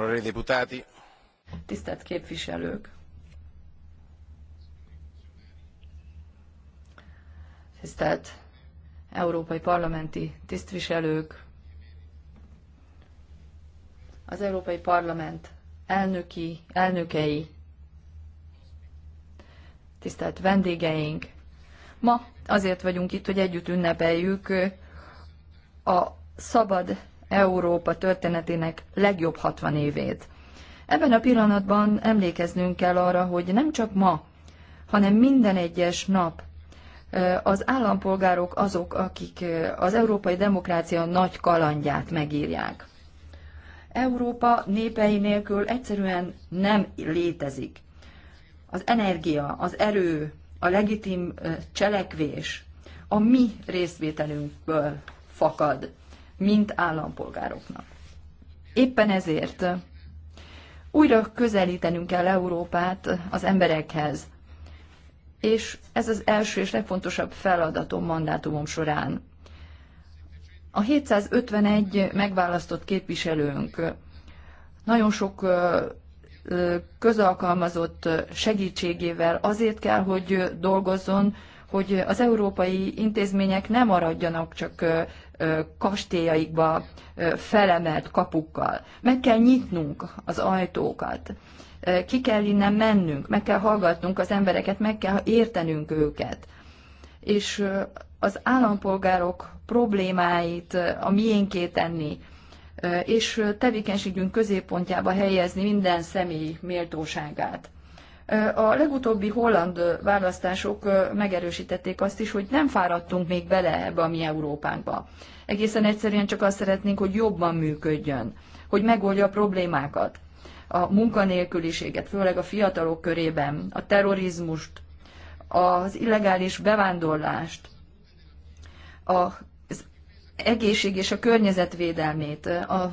Onorevoli deputati. Tisztelt képviselők. Tisztelt európai parlamenti tisztviselők. Az Európai Parlament elnöki, elnökei, tisztelt vendégeink. Ma azért vagyunk itt, hogy együtt ünnepeljük a szabad Európa történetének legjobb 60 évét. Ebben a pillanatban emlékeznünk kell arra, hogy nem csak ma, hanem minden egyes nap az állampolgárok azok, akik az európai demokrácia nagy kalandját megírják. Európa népei nélkül egyszerűen nem létezik. Az energia, az erő, a legitim cselekvés a mi részvételünkből fakad mint állampolgároknak. Éppen ezért újra közelítenünk kell Európát az emberekhez, és ez az első és legfontosabb feladatom mandátumom során. A 751 megválasztott képviselőnk nagyon sok közalkalmazott segítségével azért kell, hogy dolgozzon, hogy az európai intézmények ne maradjanak csak kastélyaikba felemelt kapukkal. Meg kell nyitnunk az ajtókat, ki kell innen mennünk, meg kell hallgatnunk az embereket, meg kell értenünk őket. És az állampolgárok problémáit a miénké tenni, és tevékenységünk középpontjába helyezni minden személy méltóságát. A legutóbbi holland választások megerősítették azt is, hogy nem fáradtunk még bele ebbe a mi Európánkba. Egészen egyszerűen csak azt szeretnénk, hogy jobban működjön, hogy megoldja a problémákat, a munkanélküliséget, főleg a fiatalok körében, a terrorizmust, az illegális bevándorlást, az egészség és a környezetvédelmét, a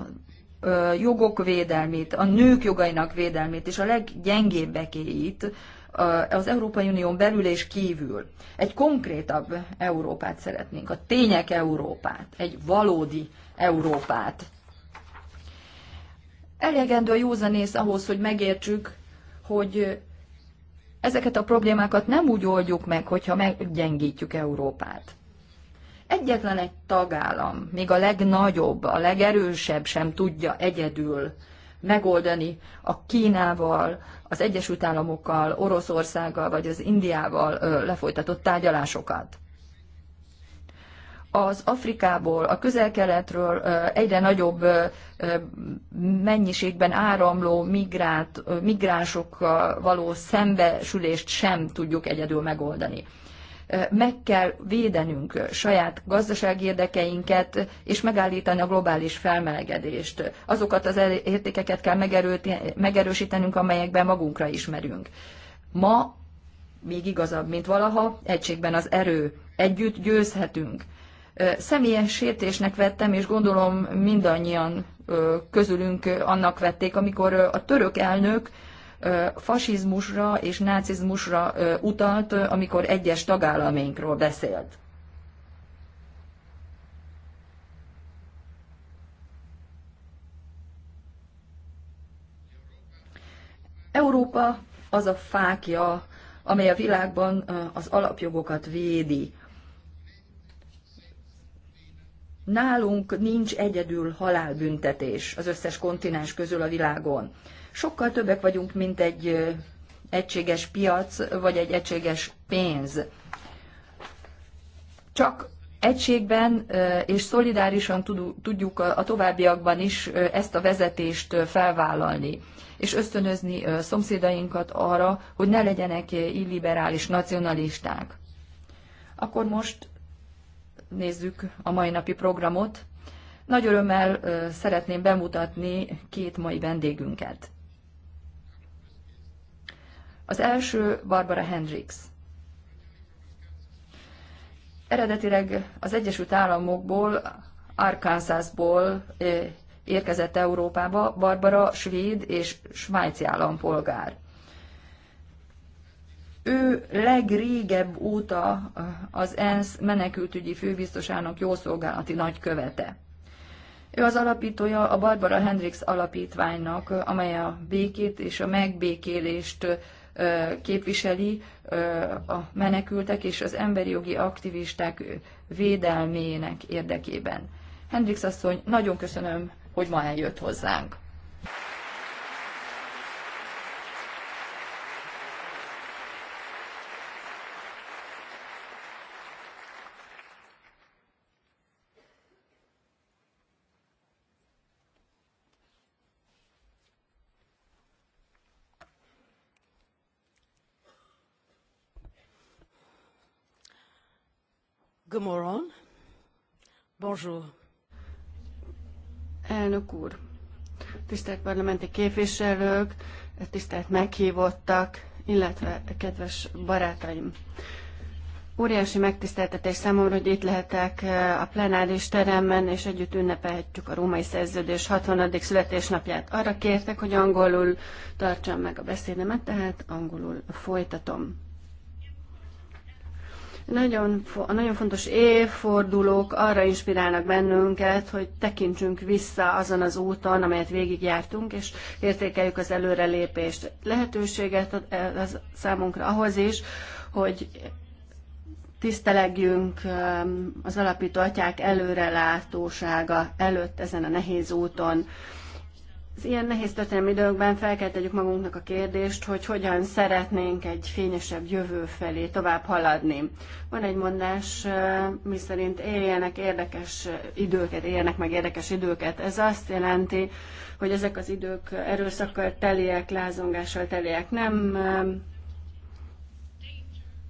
jogok védelmét, a nők jogainak védelmét és a leggyengébbekéit az Európai Unión belül és kívül. Egy konkrétabb Európát szeretnénk, a tények Európát, egy valódi Európát. Elegendő a józanész ahhoz, hogy megértsük, hogy ezeket a problémákat nem úgy oldjuk meg, hogyha meggyengítjük Európát. Egyetlen egy tagállam, még a legnagyobb, a legerősebb sem tudja egyedül megoldani a Kínával, az Egyesült Államokkal, Oroszországgal vagy az Indiával lefolytatott tárgyalásokat. Az Afrikából, a közel-keletről egyre nagyobb mennyiségben áramló migrát, migránsokkal való szembesülést sem tudjuk egyedül megoldani meg kell védenünk saját gazdasági érdekeinket, és megállítani a globális felmelegedést. Azokat az értékeket kell megerősítenünk, amelyekben magunkra ismerünk. Ma még igazabb, mint valaha, egységben az erő. Együtt győzhetünk. Személyes sértésnek vettem, és gondolom mindannyian közülünk annak vették, amikor a török elnök fasizmusra és nácizmusra utalt, amikor egyes tagállaménkról beszélt. Európa az a fákja, amely a világban az alapjogokat védi, Nálunk nincs egyedül halálbüntetés az összes kontinens közül a világon. Sokkal többek vagyunk, mint egy egységes piac, vagy egy egységes pénz. Csak egységben és szolidárisan tudjuk a továbbiakban is ezt a vezetést felvállalni, és ösztönözni szomszédainkat arra, hogy ne legyenek illiberális nacionalisták. Akkor most nézzük a mai napi programot, nagy örömmel szeretném bemutatni két mai vendégünket. Az első Barbara Hendricks. Eredetileg az Egyesült Államokból, Arkansasból érkezett Európába, Barbara svéd és svájci állampolgár ő legrégebb óta az ENSZ menekültügyi főbiztosának jószolgálati nagykövete. Ő az alapítója a Barbara Hendricks alapítványnak, amely a békét és a megbékélést képviseli a menekültek és az emberi jogi aktivisták védelmének érdekében. Hendrix asszony, nagyon köszönöm, hogy ma eljött hozzánk. morning. Bonjour. Elnök úr, tisztelt parlamenti képviselők, tisztelt meghívottak, illetve kedves barátaim. Óriási megtiszteltetés számomra, hogy itt lehetek a plenáris teremben, és együtt ünnepelhetjük a római szerződés 60. születésnapját. Arra kértek, hogy angolul tartsam meg a beszédemet, tehát angolul folytatom. Nagyon, nagyon fontos évfordulók arra inspirálnak bennünket, hogy tekintsünk vissza azon az úton, amelyet végigjártunk, és értékeljük az előrelépést. Lehetőséget ad eh, az számunkra ahhoz is, hogy tisztelegjünk ehm, az alapító atyák előrelátósága előtt ezen a nehéz úton. Az ilyen nehéz történelmi időkben fel kell tegyük magunknak a kérdést, hogy hogyan szeretnénk egy fényesebb jövő felé tovább haladni. Van egy mondás, eh, miszerint éljenek érdekes időket, éljenek meg érdekes időket. Ez azt jelenti, hogy ezek az idők erőszakkal teliek, lázongással teliek. Nem eh,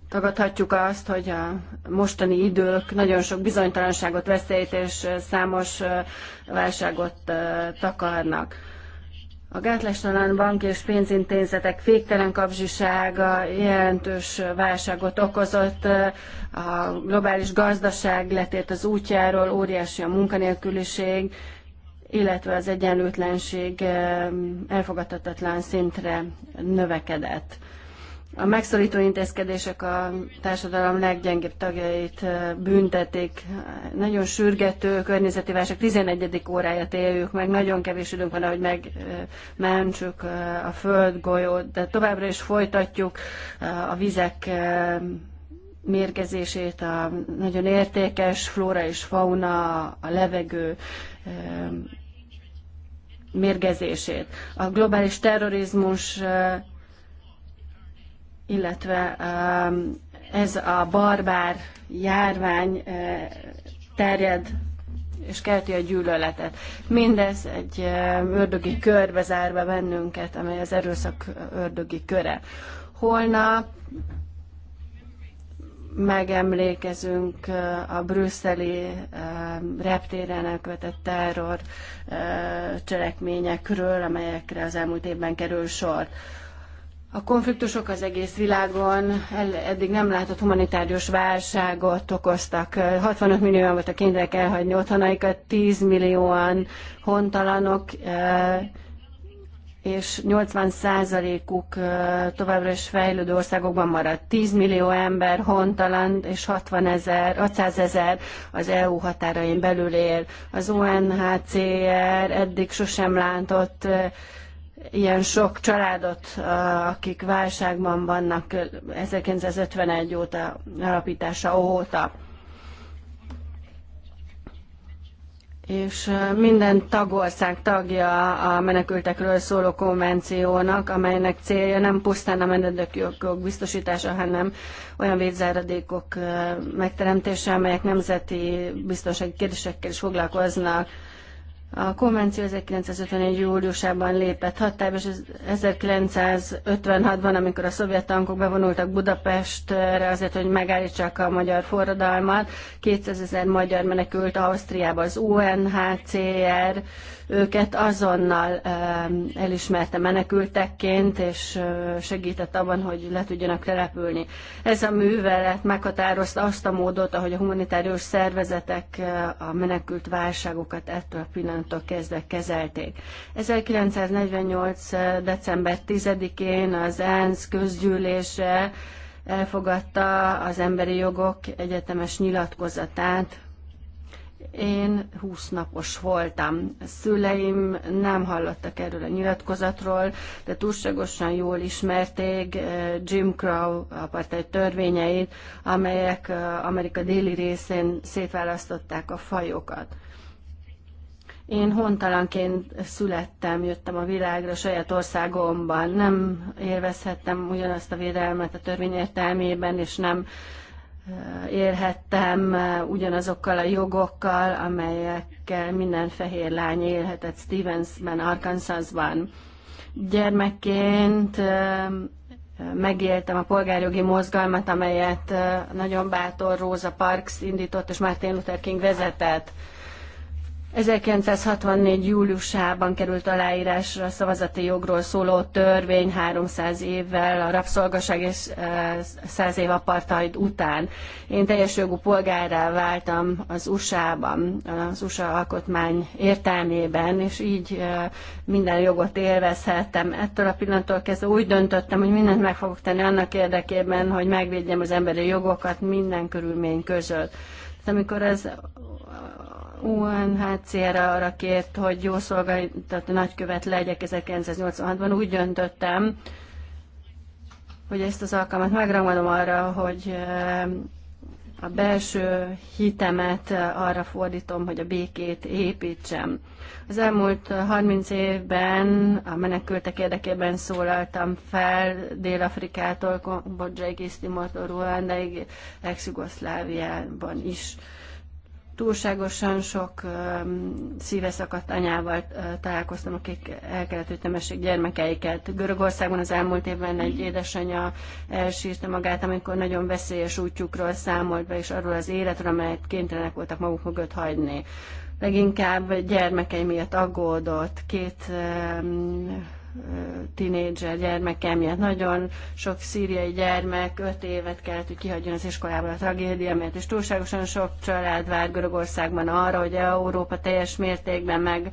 tagadhatjuk azt, hogy a mostani idők nagyon sok bizonytalanságot, veszélyt és eh, számos válságot takarnak. A gátlástalan bank és pénzintézetek féktelen kapzsisága jelentős válságot okozott, a globális gazdaság letért az útjáról, óriási a munkanélküliség, illetve az egyenlőtlenség eh, elfogadhatatlan szintre növekedett. A megszorító intézkedések a társadalom leggyengébb tagjait büntetik. Nagyon sürgető környezeti válság 11. óráját éljük meg, nagyon kevés időnk van, hogy megmentsük a földgolyót, de továbbra is folytatjuk a vizek mérgezését, a nagyon értékes flóra és fauna, a levegő mérgezését. A globális terrorizmus illetve um, ez a barbár járvány uh, terjed és kelti a gyűlöletet. Mindez egy um, ördögi körbe zárva bennünket, amely az erőszak uh, ördögi köre. Holnap megemlékezünk uh, a brüsszeli um, reptéren elkövetett terror cselekményekről, amelyekre az elmúlt évben kerül sor. A konfliktusok az egész világon eddig nem látott humanitárius válságot okoztak. 65 millióan voltak kénytelenek elhagyni otthonaikat, 10 millióan hontalanok, eh, és 80 százalékuk eh, továbbra is fejlődő országokban maradt. 10 millió ember hontalan, és 60 ezer, 600 ezer az EU határain belül él. Az UNHCR eddig sosem látott eh, ilyen sok családot, akik válságban vannak 1951 óta, alapítása óta. És minden tagország tagja a menekültekről szóló konvenciónak, amelynek célja nem pusztán a menedőkjogok biztosítása, hanem olyan védzáradékok megteremtése, amelyek nemzeti biztonsági kérdésekkel is foglalkoznak, a konvenció 1951. júliusában lépett hatályba, és 1956-ban, amikor a szovjet tankok bevonultak Budapestre azért, hogy megállítsák a magyar forradalmat, 200 ezer magyar menekült Ausztriába az UNHCR, őket azonnal elismerte menekültekként, és segített abban, hogy le tudjanak települni. Ez a művelet meghatározta azt a módot, ahogy a humanitárius szervezetek a menekült válságokat ettől a pillanattól kezdve kezelték. 1948. december 10-én az ENSZ közgyűlése elfogadta az emberi jogok egyetemes nyilatkozatát, én 20 napos voltam. A szüleim nem hallottak erről a nyilatkozatról, de túlságosan jól ismerték eh, Jim Crow apartheid törvényeit, amelyek eh, Amerika déli részén szétválasztották a fajokat. Én hontalanként születtem, jöttem a világra, a saját országomban. Nem élvezhettem ugyanazt a védelmet a törvény értelmében, és nem uh, élhettem ugyanazokkal a jogokkal, amelyekkel minden fehér lány élhetett Stevensben, Arkansasban. Gyermekként megéltem a polgárjogi mozgalmat, amelyet nagyon bátor Rosa Parks indított, és Martin Luther King vezetett. 1964. júliusában került aláírásra a szavazati jogról szóló törvény 300 évvel a rabszolgaság és 100 év apartheid után. Én teljes jogú polgárrá váltam az USA-ban, az USA alkotmány értelmében, és így minden jogot élvezhettem. Ettől a pillanattól kezdve úgy döntöttem, hogy mindent meg fogok tenni annak érdekében, hogy megvédjem az emberi jogokat minden körülmény között. amikor ez UNHCR-re arra kért, hogy jó szolgáltató nagykövet legyek 1986-ban, úgy döntöttem, hogy ezt az alkalmat megragadom arra, hogy eh, a belső hitemet eh, arra fordítom, hogy a békét építsem. Az elmúlt 30 évben a menekültek érdekében szólaltam fel Dél-Afrikától, Kambodzsaig, Isztimortól, Ruandaig, ex is túlságosan sok szíve anyával találkoztam, akik el kellett, hogy temessék gyermekeiket. Görögországban az elmúlt évben egy édesanyja elsírta magát, amikor nagyon veszélyes útjukról számolt be, és arról az életről, amelyet kénytelenek voltak maguk mögött hagyni. Leginkább gyermekei miatt aggódott, két um, tinédzser gyermeke miatt. Nagyon sok szíriai gyermek öt évet kellett, hogy kihagyjon az iskolából a tragédia miatt, és túlságosan sok család vár Görögországban arra, hogy Európa teljes mértékben meg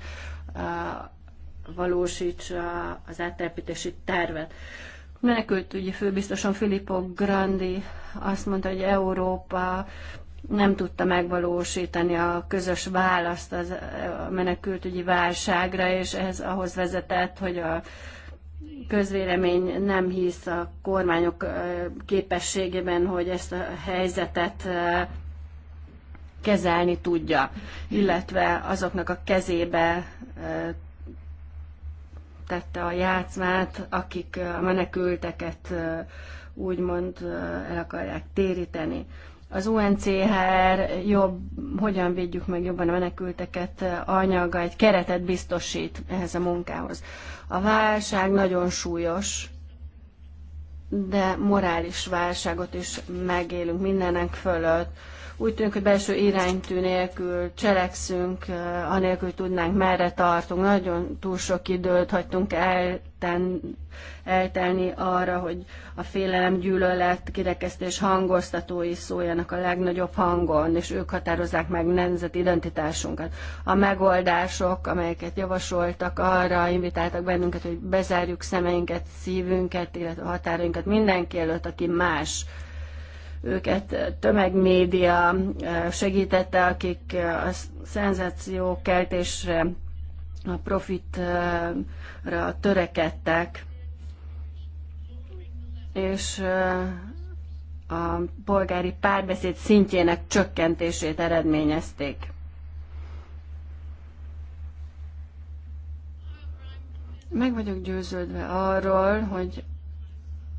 valósítsa az áttelepítési tervet. Menekült ugye főbiztosan Filippo Grandi azt mondta, hogy Európa nem tudta megvalósítani a közös választ az, a menekültügyi válságra, és ez ahhoz vezetett, hogy a közvélemény nem hisz a kormányok képességében, hogy ezt a helyzetet kezelni tudja, illetve azoknak a kezébe tette a játszmát, akik a menekülteket úgymond el akarják téríteni az UNCHR jobb, hogyan védjük meg jobban a menekülteket anyaga, egy keretet biztosít ehhez a munkához. A válság nagyon súlyos, de morális válságot is megélünk mindenek fölött úgy tűnik, hogy belső iránytű nélkül cselekszünk, eh, anélkül tudnánk, merre tartunk. Nagyon túl sok időt hagytunk elten, eltelni arra, hogy a félelem, gyűlölet, kirekesztés hangoztatói szóljanak a legnagyobb hangon, és ők határozzák meg nemzeti identitásunkat. A megoldások, amelyeket javasoltak, arra invitáltak bennünket, hogy bezárjuk szemeinket, szívünket, illetve határainkat mindenki előtt, aki más őket tömegmédia eh, segítette, akik a szenzációkeltésre, a profitra törekedtek, és eh, a polgári párbeszéd szintjének csökkentését eredményezték. Meg vagyok győződve arról, hogy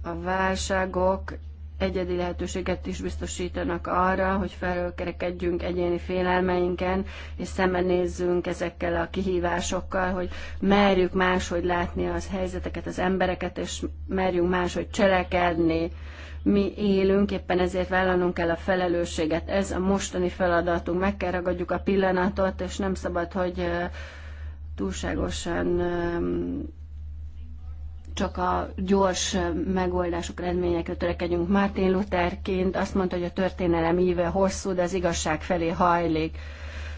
a válságok egyedi lehetőséget is biztosítanak arra, hogy felölkerekedjünk egyéni félelmeinken, és szembenézzünk ezekkel a kihívásokkal, hogy merjük máshogy látni az helyzeteket, az embereket, és merjünk máshogy cselekedni. Mi élünk, éppen ezért vállalnunk kell a felelősséget. Ez a mostani feladatunk. Meg kell ragadjuk a pillanatot, és nem szabad, hogy túlságosan csak a gyors megoldások, eredményekre törekedjünk. Martin Lutherként azt mondta, hogy a történelem íve hosszú, de az igazság felé hajlik.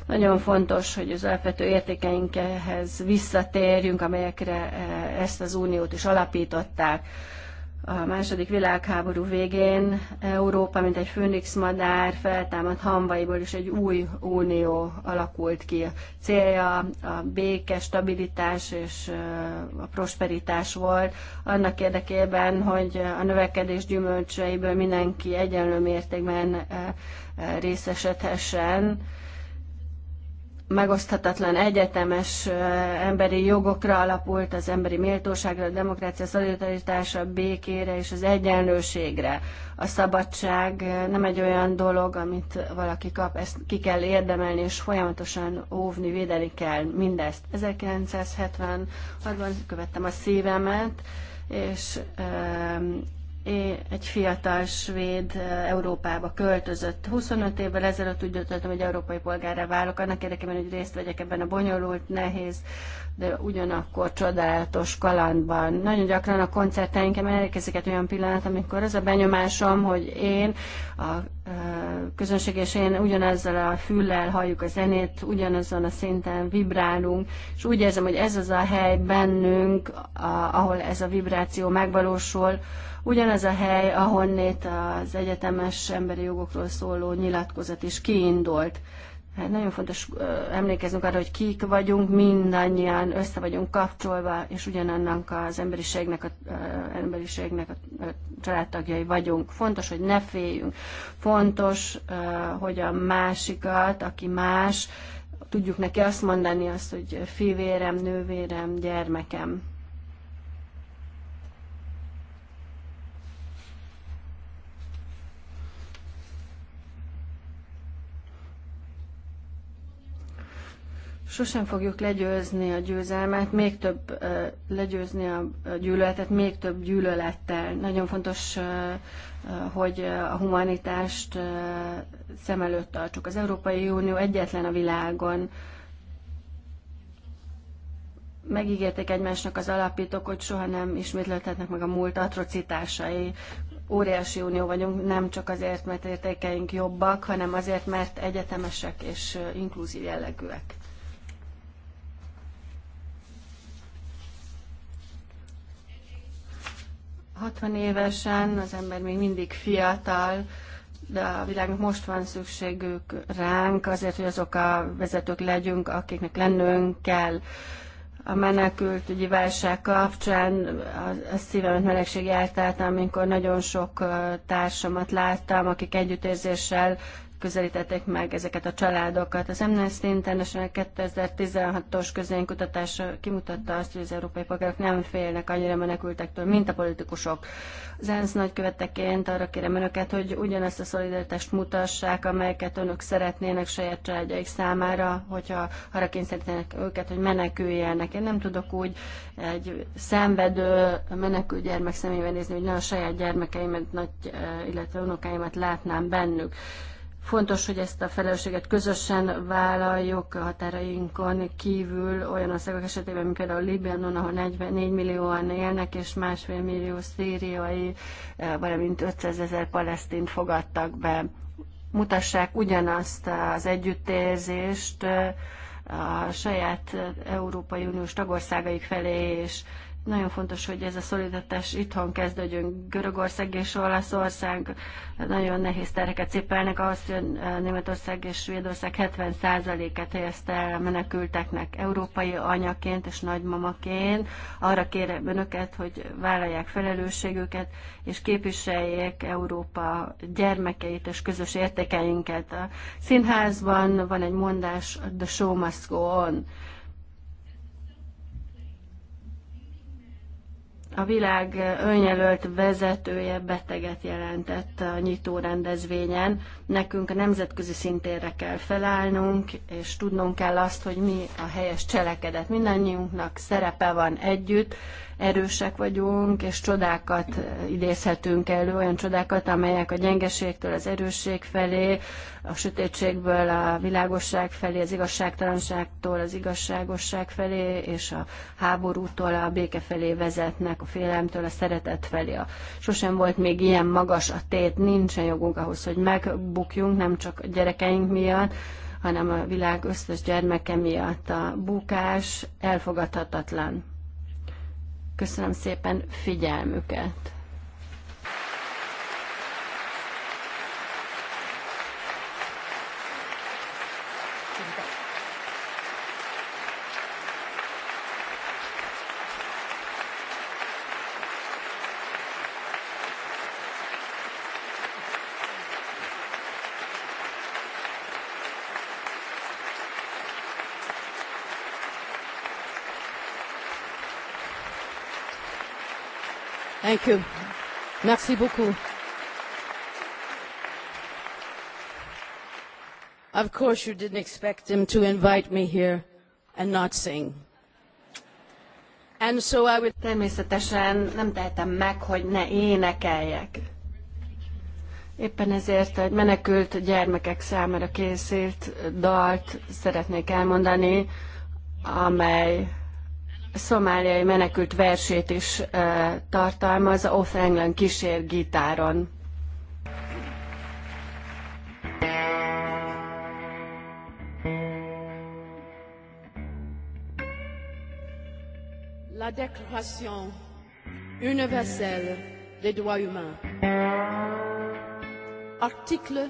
Nagyon fontos, hogy az alapvető értékeinkhez visszatérjünk, amelyekre ezt az uniót is alapították a második világháború végén Európa, mint egy főnix madár, feltámadt hambaiból is egy új unió alakult ki. A célja a béke, stabilitás és a prosperitás volt, annak érdekében, hogy a növekedés gyümölcseiből mindenki egyenlő mértékben részesedhessen megoszthatatlan egyetemes emberi jogokra alapult, az emberi méltóságra, a demokrácia a békére és az egyenlőségre. A szabadság nem egy olyan dolog, amit valaki kap, ezt ki kell érdemelni, és folyamatosan óvni, védeni kell mindezt. 1976-ban követtem a szívemet, és egy fiatal svéd e, Európába költözött. 25 évvel ezelőtt úgy döntöttem, hogy európai polgárra válok, annak érdekében, hogy részt vegyek ebben a bonyolult, nehéz, de ugyanakkor csodálatos kalandban. Nagyon gyakran a koncerteinkem elérkezik olyan pillanat, amikor az a benyomásom, hogy én, a e, közönség és én ugyanazzal a füllel halljuk a zenét, ugyanazon a szinten vibrálunk, és úgy érzem, hogy ez az a hely bennünk, ahol ez a vibráció megvalósul, Ugyanez a hely, ahonnét az egyetemes emberi jogokról szóló nyilatkozat is kiindult. Hát nagyon fontos emlékeznünk arra, hogy kik vagyunk, mindannyian össze vagyunk kapcsolva, és ugyanannak az emberiségnek, a, emberiségnek a családtagjai vagyunk. Fontos, hogy ne féljünk. Fontos, hogy a másikat, aki más, tudjuk neki azt mondani, azt, hogy fivérem, nővérem, gyermekem. Sosem fogjuk legyőzni a győzelmet, még több legyőzni a gyűlöletet, még több gyűlölettel. Nagyon fontos, hogy a humanitást szem előtt tartsuk. Az Európai Unió egyetlen a világon, megígérték egymásnak az alapítók, hogy soha nem ismétlődhetnek meg a múlt atrocitásai. Óriási unió vagyunk, nem csak azért, mert értékeink jobbak, hanem azért, mert egyetemesek és inkluzív jellegűek. 60 évesen az ember még mindig fiatal, de a világnak most van szükségük ránk, azért, hogy azok a vezetők legyünk, akiknek lennünk kell. A menekültügyi válság kapcsán a, a szívemet melegség járt át, amikor nagyon sok társamat láttam, akik együttérzéssel közelítették meg ezeket a családokat. Az Amnesty International 2016-os közénkutatás kimutatta azt, hogy az európai polgárok nem félnek annyira menekültektől, mint a politikusok. Az ENSZ nagyköveteként arra kérem önöket, hogy ugyanezt a szolidaritást mutassák, amelyeket önök szeretnének saját családjaik számára, hogyha arra kényszerítenek őket, hogy meneküljenek. Én nem tudok úgy egy szenvedő menekült gyermek személyben nézni, hogy ne a saját gyermekeimet, nagy, eh, illetve unokáimat látnám bennük. Fontos, hogy ezt a felelősséget közösen vállaljuk a határainkon kívül olyan országok esetében, mint például Libanon, ahol 44 millióan élnek, és másfél millió szíriai, eh, valamint 500 ezer palesztint fogadtak be. Mutassák ugyanazt az együttérzést eh, a saját eh, Európai Uniós tagországaik felé, és nagyon fontos, hogy ez a szolidatás itthon kezdődjön. Görögország és Olaszország nagyon nehéz terheket cipelnek. Ausztria, Németország és Svédország 70%-et helyezte el a menekülteknek európai anyaként és nagymamaként. Arra kérem önöket, hogy vállalják felelősségüket, és képviseljék Európa gyermekeit és közös értékeinket. A színházban van egy mondás, the show must go on a világ önjelölt vezetője beteget jelentett a nyitó rendezvényen. Nekünk a nemzetközi szintérre kell felállnunk, és tudnunk kell azt, hogy mi a helyes cselekedet. Mindannyiunknak szerepe van együtt, erősek vagyunk, és csodákat idézhetünk elő, olyan csodákat, amelyek a gyengeségtől az erősség felé, a sötétségből a világosság felé, az igazságtalanságtól az igazságosság felé, és a háborútól a béke felé vezetnek, a félelemtől a szeretet felé. A sosem volt még ilyen magas a tét, nincsen jogunk ahhoz, hogy megbukjunk, nem csak a gyerekeink miatt, hanem a világ összes gyermeke miatt a bukás elfogadhatatlan. Köszönöm szépen figyelmüket! Thank you. Merci beaucoup. Of course, you didn't expect him to invite me here and not sing. And so I would... Természetesen nem tehetem meg, hogy ne énekeljek. Éppen ezért egy menekült gyermekek számára készült dalt szeretnék elmondani, amely szomáliai menekült versét is eh, tartalmazza Off England gitáron. la Déclaration universelle des droits humains. Article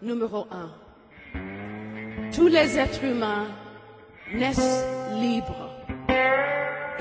numéro 1. Tous les êtres humains naissent libres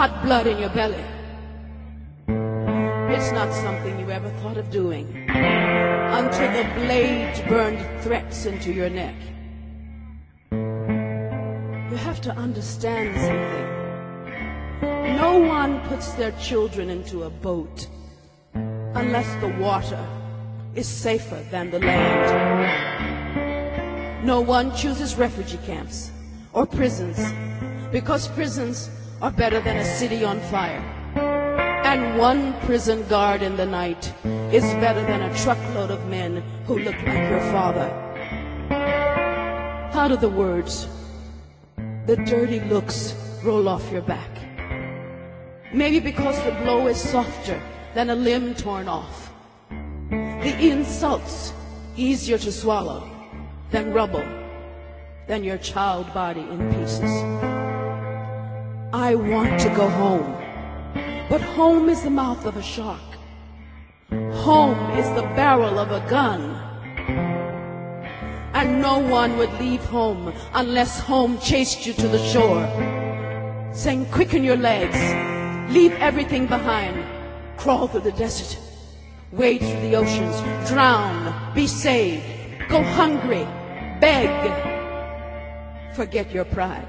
hot blood in your belly. It's not something you ever thought of doing until the blade burned threats into your neck. You have to understand something. No one puts their children into a boat unless the water is safer than the land. No one chooses refugee camps or prisons because prisons are better than a city on fire. And one prison guard in the night is better than a truckload of men who look like your father. How do the words, the dirty looks, roll off your back? Maybe because the blow is softer than a limb torn off. The insults easier to swallow than rubble, than your child body in pieces. I want to go home. But home is the mouth of a shark. Home is the barrel of a gun. And no one would leave home unless home chased you to the shore, saying, Quicken your legs, leave everything behind, crawl through the desert, wade through the oceans, drown, be saved, go hungry, beg, forget your pride.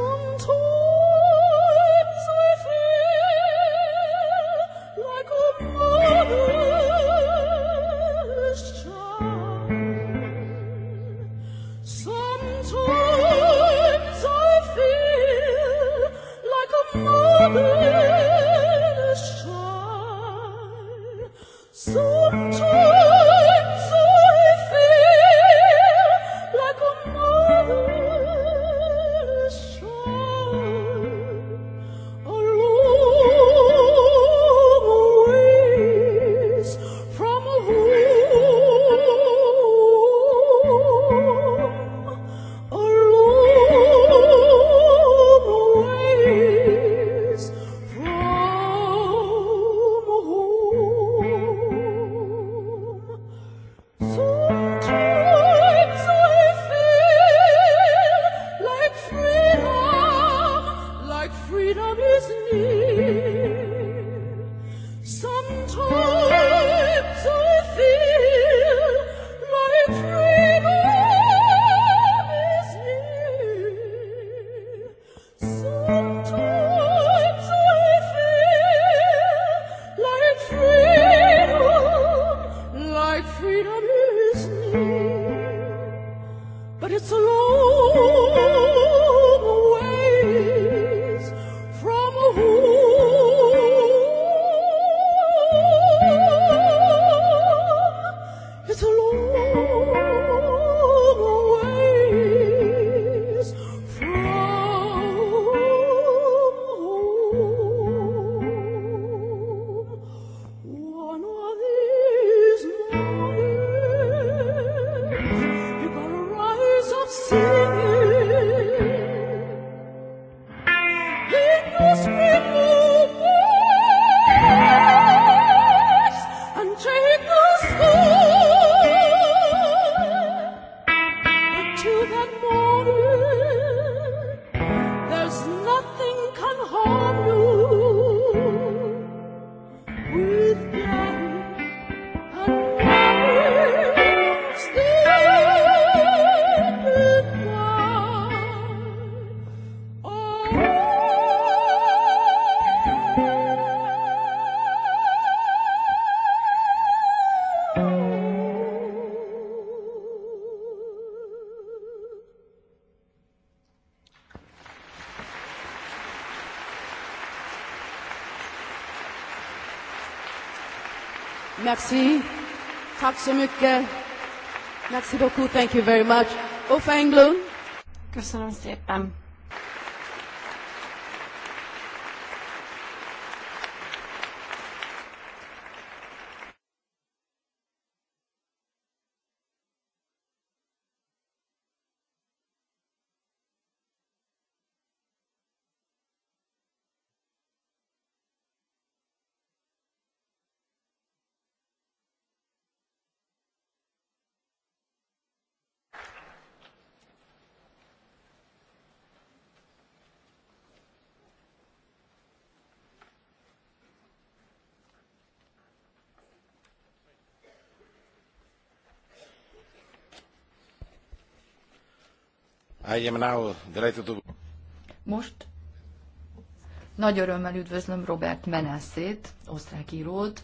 Merci. Tack så mycket. Merci beaucoup. Thank you very much. Uffe Englund. Köszönöm szépen. Most nagy örömmel üdvözlöm Robert Menasszét, osztrák írót,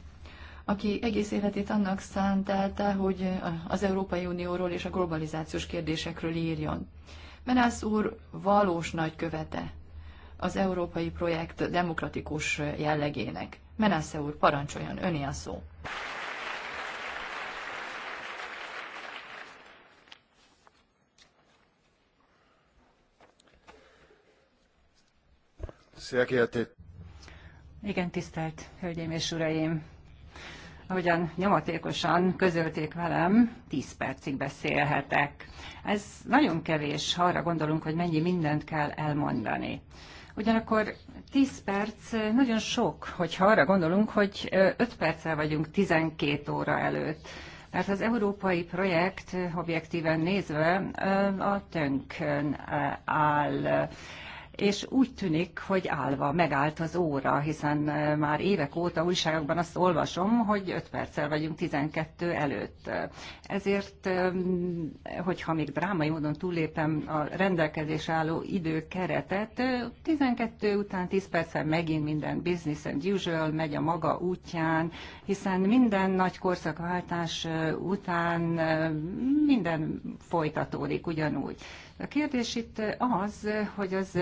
aki egész életét annak szántálta, hogy az Európai Unióról és a globalizációs kérdésekről írjon. Menász úr valós nagy követe az európai projekt demokratikus jellegének. Menász úr, parancsoljon, öné a szó. Igen, tisztelt Hölgyeim és Uraim! Ahogyan nyomatékosan közölték velem, 10 percig beszélhetek. Ez nagyon kevés, ha arra gondolunk, hogy mennyi mindent kell elmondani. Ugyanakkor 10 perc nagyon sok, hogyha arra gondolunk, hogy 5 perccel vagyunk 12 óra előtt. Mert az európai projekt objektíven nézve a tönkön áll és úgy tűnik, hogy állva megállt az óra, hiszen eh, már évek óta újságokban azt olvasom, hogy 5 perccel vagyunk 12 előtt. Ezért, eh, hogyha még drámai módon túllépem a rendelkezés álló időkeretet, 12 eh, után 10 perccel megint minden business and usual megy a maga útján, hiszen minden nagy korszakváltás után minden folytatódik ugyanúgy. A kérdés itt az, hogy az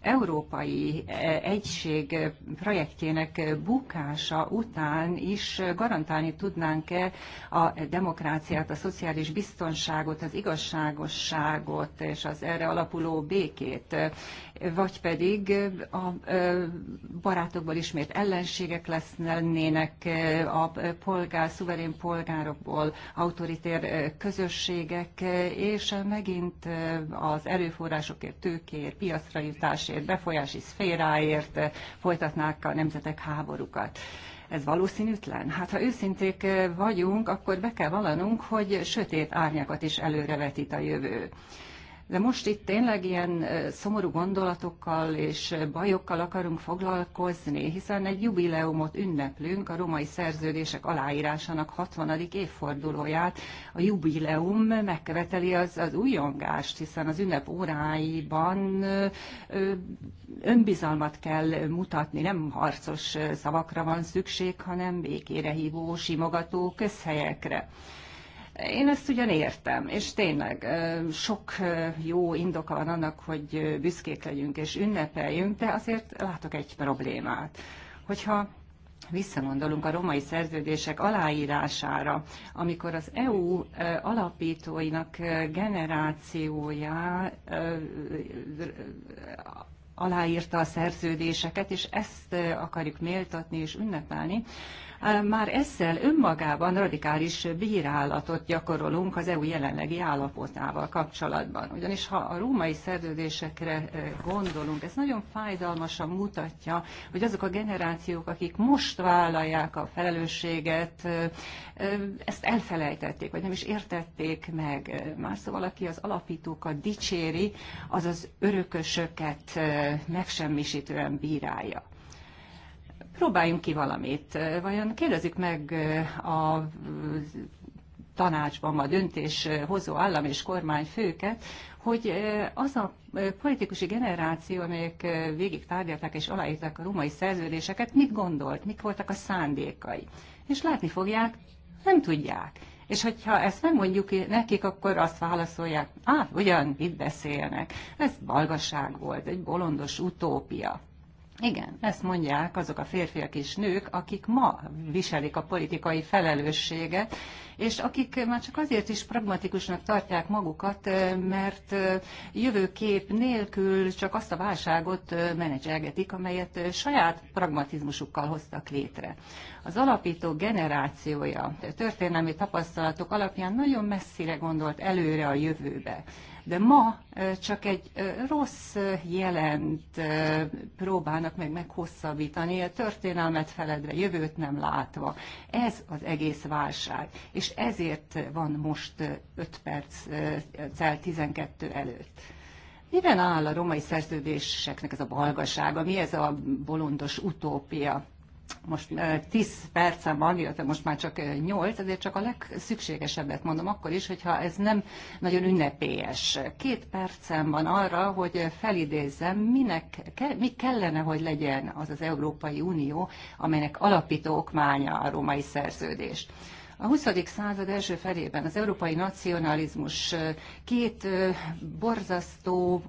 európai eh, egység projektjének bukása után is garantálni tudnánk-e a demokráciát, a szociális biztonságot, az igazságosságot és az erre alapuló békét, vagy pedig a eh, barátokból ismét ellenségek lennének eh, a polgár, szuverén polgárokból autoritér közösségek, és megint az erőforrásokért, tőkért, piacra jutás befolyásért, befolyási szféráért eh, folytatnák a nemzetek háborúkat. Ez valószínűtlen? Hát ha őszinték eh, vagyunk, akkor be kell valanunk, hogy sötét árnyakat is előrevetít a jövő. De most itt tényleg ilyen szomorú gondolatokkal és bajokkal akarunk foglalkozni, hiszen egy jubileumot ünneplünk, a romai szerződések aláírásának 60. évfordulóját. A jubileum megköveteli az, az újongást, hiszen az ünnep óráiban önbizalmat kell mutatni, nem harcos szavakra van szükség, hanem békére hívó, simogató közhelyekre. Én ezt ugyan értem, és tényleg sok jó indoka van annak, hogy büszkék legyünk és ünnepeljünk, de azért látok egy problémát. Hogyha visszagondolunk a romai szerződések aláírására, amikor az EU alapítóinak generációja aláírta a szerződéseket, és ezt akarjuk méltatni és ünnepelni, már ezzel önmagában radikális bírálatot gyakorolunk az EU jelenlegi állapotával kapcsolatban. Ugyanis ha a római szerződésekre eh, gondolunk, ez nagyon fájdalmasan mutatja, hogy azok a generációk, akik most vállalják a felelősséget, eh, eh, ezt elfelejtették, vagy nem is értették meg. Más szóval, aki az alapítókat dicséri, az az örökösöket megsemmisítően bírálja próbáljunk ki valamit. Vajon kérdezzük meg eh, a tanácsban a döntéshozó állam és kormány főket, hogy eh, az a eh, politikusi generáció, amelyek végig tárgyalták és aláírták a római szerződéseket, mit gondolt, mik voltak a szándékai. És látni fogják, nem tudják. És hogyha ezt nem mondjuk nekik, akkor azt válaszolják, á, ugyan, mit beszélnek. Ez balgaság volt, egy bolondos utópia. Igen, ezt mondják azok a férfiak és nők, akik ma viselik a politikai felelősséget, és akik már csak azért is pragmatikusnak tartják magukat, mert jövőkép nélkül csak azt a válságot menedzselgetik, amelyet saját pragmatizmusukkal hoztak létre. Az alapító generációja történelmi tapasztalatok alapján nagyon messzire gondolt előre a jövőbe de ma csak egy rossz jelent próbálnak meg meghosszabbítani, a történelmet feledve, jövőt nem látva. Ez az egész válság, és ezért van most 5 perc cel 12 előtt. Miben áll a romai szerződéseknek ez a balgasága? Mi ez a bolondos utópia? most 10 percem van, illetve most már csak 8, ezért csak a legszükségesebbet mondom akkor is, hogyha ez nem nagyon ünnepélyes. Két percem van arra, hogy felidézzem, minek, mi kellene, hogy legyen az az Európai Unió, amelynek alapító okmánya a római szerződés. A 20. század első felében az európai nacionalizmus két borzasztó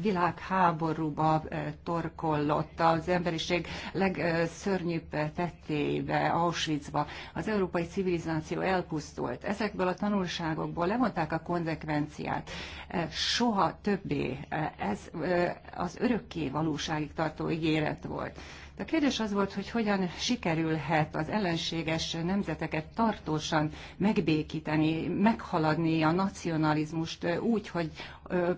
világháborúba torkollott az emberiség legszörnyűbb tettébe, Auschwitzba. Az európai civilizáció elpusztult. Ezekből a tanulságokból levonták a konzekvenciát. Soha többé ez az örökké valóságig tartó ígéret volt. De a kérdés az volt, hogy hogyan sikerülhet az ellenséges nemzeteket tartósan megbékíteni, meghaladni a nacionalizmust úgy, hogy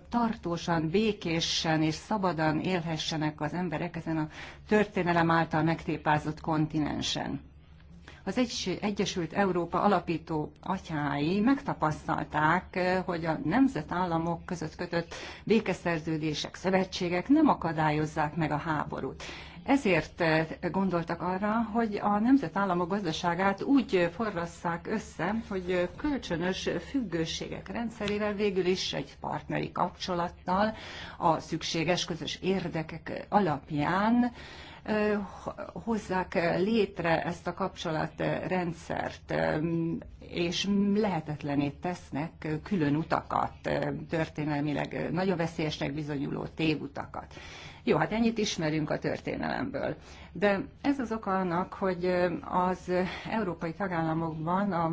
tartósan, békésen és szabadan élhessenek az emberek ezen a történelem által megtépázott kontinensen az Egyesült Európa alapító atyái megtapasztalták, hogy a nemzetállamok között kötött békeszerződések, szövetségek nem akadályozzák meg a háborút. Ezért eh, gondoltak arra, hogy a nemzetállamok gazdaságát úgy forrasszák össze, hogy kölcsönös függőségek rendszerével végül is egy partneri kapcsolattal a szükséges közös érdekek alapján eh, hozzák létre ezt a kapcsolatrendszert, eh, és lehetetlené tesznek külön utakat, történelmileg nagyon veszélyesnek bizonyuló tévutakat. Jó, hát ennyit ismerünk a történelemből. De ez az oka annak, hogy az európai tagállamokban a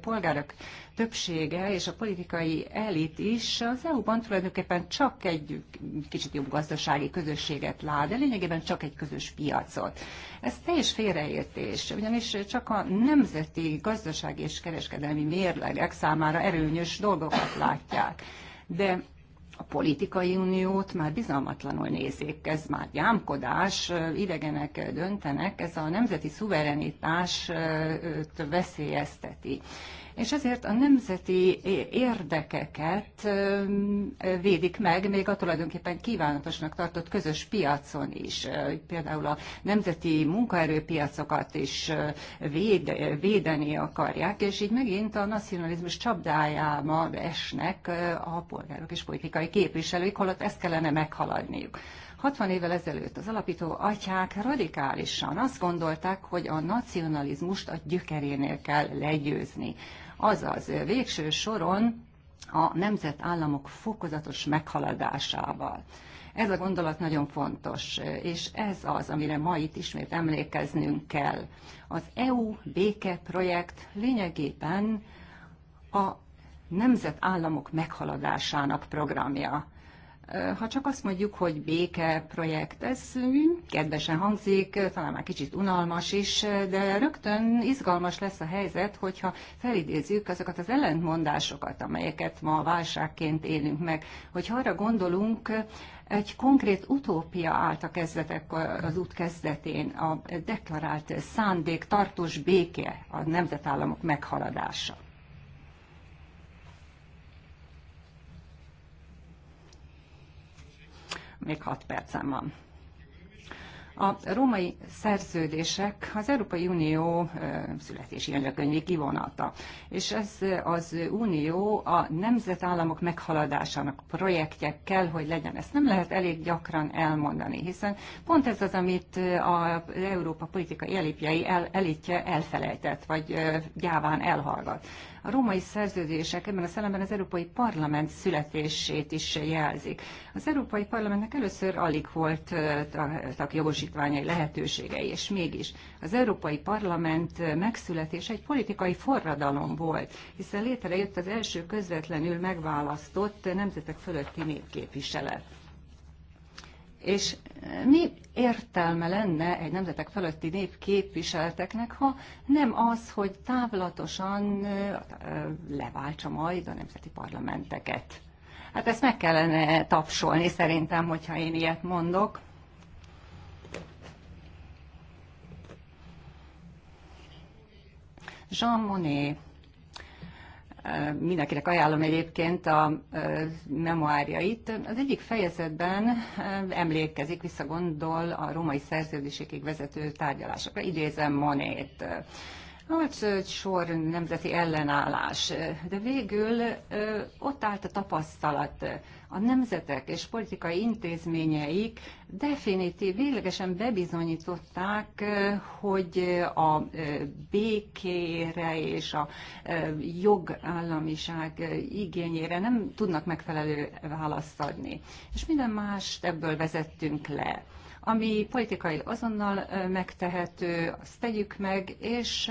polgárok többsége és a politikai elit is az EU-ban tulajdonképpen csak egy kicsit jobb gazdasági közösséget lát, de lényegében csak egy közös piacot. Ez teljes félreértés, ugyanis csak a nemzeti gazdasági és kereskedelmi mérlegek számára erőnyös dolgokat látják. De a politikai uniót már bizalmatlanul nézik, ez már gyámkodás, idegenek döntenek, ez a nemzeti szuverenitást veszélyezteti és ezért a nemzeti érdekeket védik meg még a tulajdonképpen kívánatosnak tartott közös piacon is. Például a nemzeti munkaerőpiacokat is véd, védeni akarják, és így megint a nacionalizmus csapdájába esnek a polgárok és politikai képviselők, holott ezt kellene meghaladniuk. 60 évvel ezelőtt az alapító atyák radikálisan azt gondolták, hogy a nacionalizmust a gyökerénél kell legyőzni azaz végső soron a nemzetállamok fokozatos meghaladásával. Ez a gondolat nagyon fontos, és ez az, amire ma itt ismét emlékeznünk kell. Az EU béke projekt lényegében a nemzetállamok meghaladásának programja. Ha csak azt mondjuk, hogy béke projekt, ez mm, kedvesen hangzik, talán már kicsit unalmas is, de rögtön izgalmas lesz a helyzet, hogyha felidézzük azokat az ellentmondásokat, amelyeket ma válságként élünk meg. Hogyha arra gondolunk, egy konkrét utópia állt a kezdetek az út kezdetén, a deklarált szándék, tartós béke, a nemzetállamok meghaladása. még hat percem van. A római szerződések az Európai Unió születési anyakönyvi kivonata, és ez az Unió a nemzetállamok meghaladásának projektje kell, hogy legyen. Ezt nem lehet elég gyakran elmondani, hiszen pont ez az, amit az Európa politikai elitjei el, elitje elfelejtett, vagy gyáván elhallgat. A római szerződések ebben a szellemben az Európai Parlament születését is jelzik. Az Európai Parlamentnek először alig volt jogosítványai lehetőségei, és mégis az Európai Parlament megszületése egy politikai forradalom volt, hiszen létrejött az első közvetlenül megválasztott nemzetek fölötti népképviselet. És eh, mi értelme lenne egy nemzetek fölötti nép képviselteknek, ha nem az, hogy távlatosan eh, eh, leváltsa majd a nemzeti parlamenteket? Hát ezt meg kellene tapsolni szerintem, hogyha én ilyet mondok. Jean Monnet Mindenkinek ajánlom egyébként a memoáriait. Az egyik fejezetben emlékezik, visszagondol a római szerződésekig vezető tárgyalásokra. Idézem Monét volt hát, egy sor nemzeti ellenállás, de végül ott állt a tapasztalat. A nemzetek és politikai intézményeik definitív, véglegesen bebizonyították, hogy a békére és a jogállamiság igényére nem tudnak megfelelő választ adni. És minden mást ebből vezettünk le. Ami politikai azonnal megtehető, azt tegyük meg, és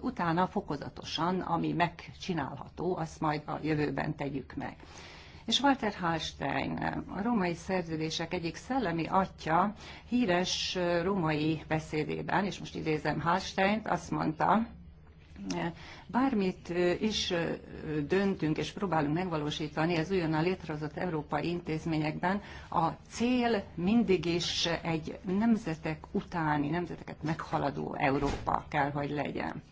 utána fokozatosan, ami megcsinálható, azt majd a jövőben tegyük meg. És Walter Hallstein, a római szerződések egyik szellemi atya, híres római beszédében, és most idézem Hallsteint, azt mondta, Bármit is döntünk és próbálunk megvalósítani az újonnan létrehozott európai intézményekben, a cél mindig is egy nemzetek utáni, nemzeteket meghaladó Európa kell, hogy legyen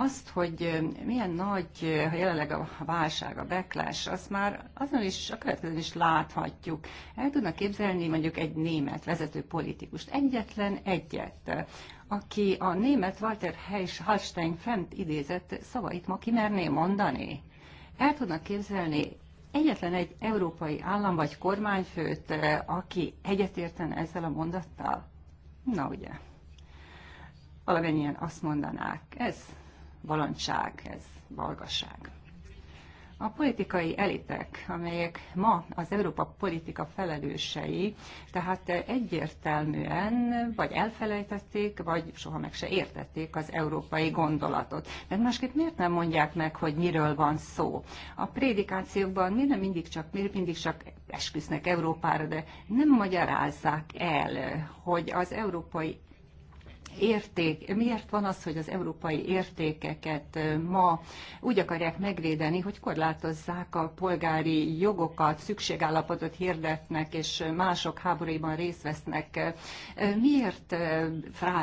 azt, hogy milyen nagy ha jelenleg a válság, a backlash, azt már azon is, a következőn is láthatjuk. El tudnak képzelni mondjuk egy német vezető politikust, egyetlen egyet, aki a német Walter Hallstein fent idézett szavait ma kimerné mondani. El tudnak képzelni egyetlen egy európai állam vagy kormányfőt, eh, aki egyetértene ezzel a mondattal? Na ugye, valamennyien azt mondanák, ez valantság, ez valgaság. A politikai elitek, amelyek ma az Európa politika felelősei, tehát egyértelműen vagy elfelejtették, vagy soha meg se értették az európai gondolatot. Mert másképp miért nem mondják meg, hogy miről van szó? A prédikációkban miért nem mindig csak, miért mindig csak esküsznek Európára, de nem magyarázzák el, hogy az európai érték, miért van az, hogy az európai értékeket ma úgy akarják megvédeni, hogy korlátozzák a polgári jogokat, szükségállapotot hirdetnek, és mások háborúiban részt vesznek. Miért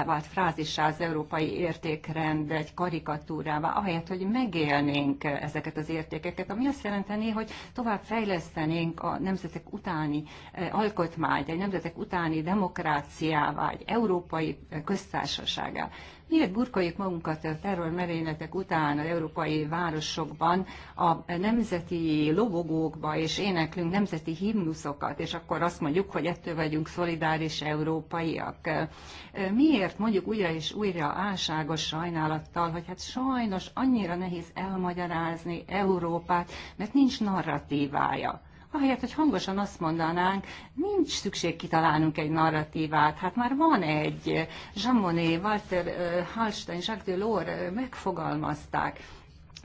vált frázissá az európai értékrend egy karikatúrává, ahelyett, hogy megélnénk ezeket az értékeket, ami azt jelenteni, hogy tovább fejlesztenénk a nemzetek utáni alkotmányt, egy nemzetek utáni demokráciává, egy európai köztársaság társaságá. Miért burkoljuk magunkat a terrormerényletek után az európai városokban a nemzeti lobogókba, és éneklünk nemzeti himnuszokat, és akkor azt mondjuk, hogy ettől vagyunk szolidáris európaiak? Miért mondjuk újra és újra álságos sajnálattal, hogy hát sajnos annyira nehéz elmagyarázni Európát, mert nincs narratívája ahelyett, hogy hangosan azt mondanánk, nincs szükség kitalálnunk egy narratívát, hát már van egy. Jean Monnet, Walter Hallstein, Jacques Delors megfogalmazták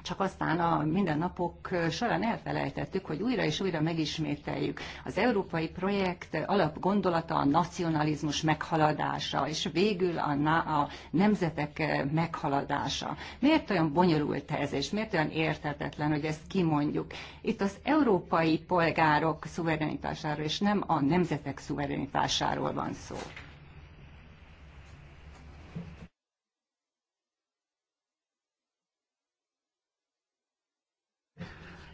csak aztán a mindennapok során elfelejtettük, hogy újra és újra megismételjük. Az európai projekt alapgondolata a nacionalizmus meghaladása, és végül a, na- a nemzetek meghaladása. Miért olyan bonyolult ez, és miért olyan értetetlen, hogy ezt kimondjuk? Itt az európai polgárok szuverenitásáról, és nem a nemzetek szuverenitásáról van szó.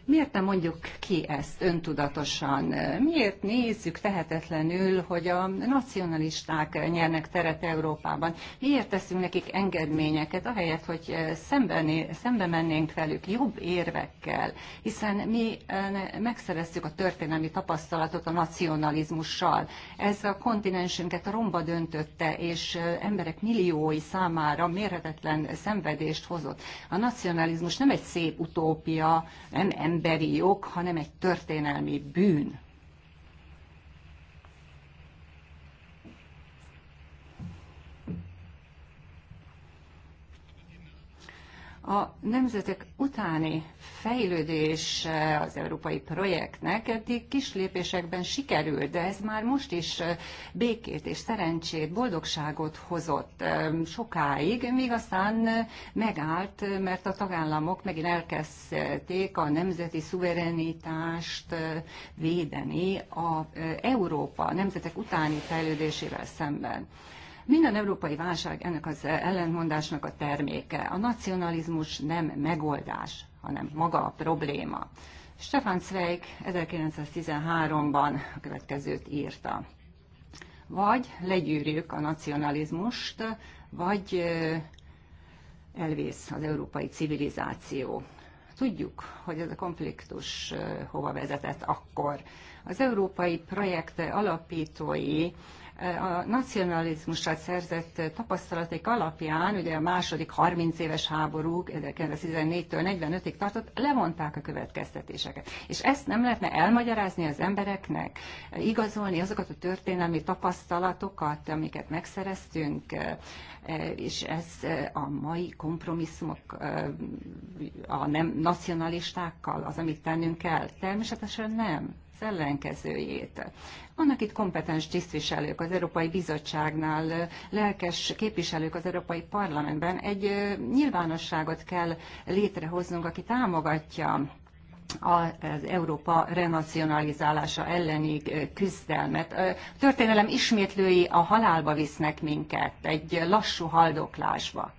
Miért nem mondjuk ki ezt öntudatosan? Miért nézzük tehetetlenül, hogy a nacionalisták nyernek teret Európában? Miért teszünk nekik engedményeket, ahelyett, hogy eh, szemben, szembe mennénk velük jobb érvekkel? Hiszen mi eh, megszereztük a történelmi tapasztalatot a nacionalizmussal. Ez a kontinensünket romba döntötte, és eh, emberek milliói számára mérhetetlen szenvedést hozott. A nacionalizmus nem egy szép utópia, nem emberi jog, hanem egy történelmi bűn. A nemzetek utáni fejlődés az európai projektnek eddig kis lépésekben sikerült, de ez már most is békét és szerencsét, boldogságot hozott sokáig, míg aztán megállt, mert a tagállamok megint elkezdték a nemzeti szuverenitást védeni a Európa nemzetek utáni fejlődésével szemben. Minden európai válság ennek az ellentmondásnak a terméke. A nacionalizmus nem megoldás, hanem maga a probléma. Stefan Zweig 1913-ban a következőt írta. Vagy legyűrjük a nacionalizmust, vagy elvész az európai civilizáció. Tudjuk, hogy ez a konfliktus hova vezetett akkor. Az európai projekt alapítói a nacionalizmusra szerzett tapasztalaték alapján, ugye a második 30 éves háború 1914-től 45-ig tartott, levonták a következtetéseket. És ezt nem lehetne elmagyarázni az embereknek, igazolni azokat a történelmi tapasztalatokat, amiket megszereztünk, és ez a mai kompromisszumok a nem nacionalistákkal, az, amit tennünk kell? Természetesen nem ellenkezőjét. Vannak itt kompetens tisztviselők az Európai Bizottságnál, lelkes képviselők az Európai Parlamentben. Egy nyilvánosságot kell létrehoznunk, aki támogatja az Európa renacionalizálása elleni küzdelmet. A történelem ismétlői a halálba visznek minket, egy lassú haldoklásba.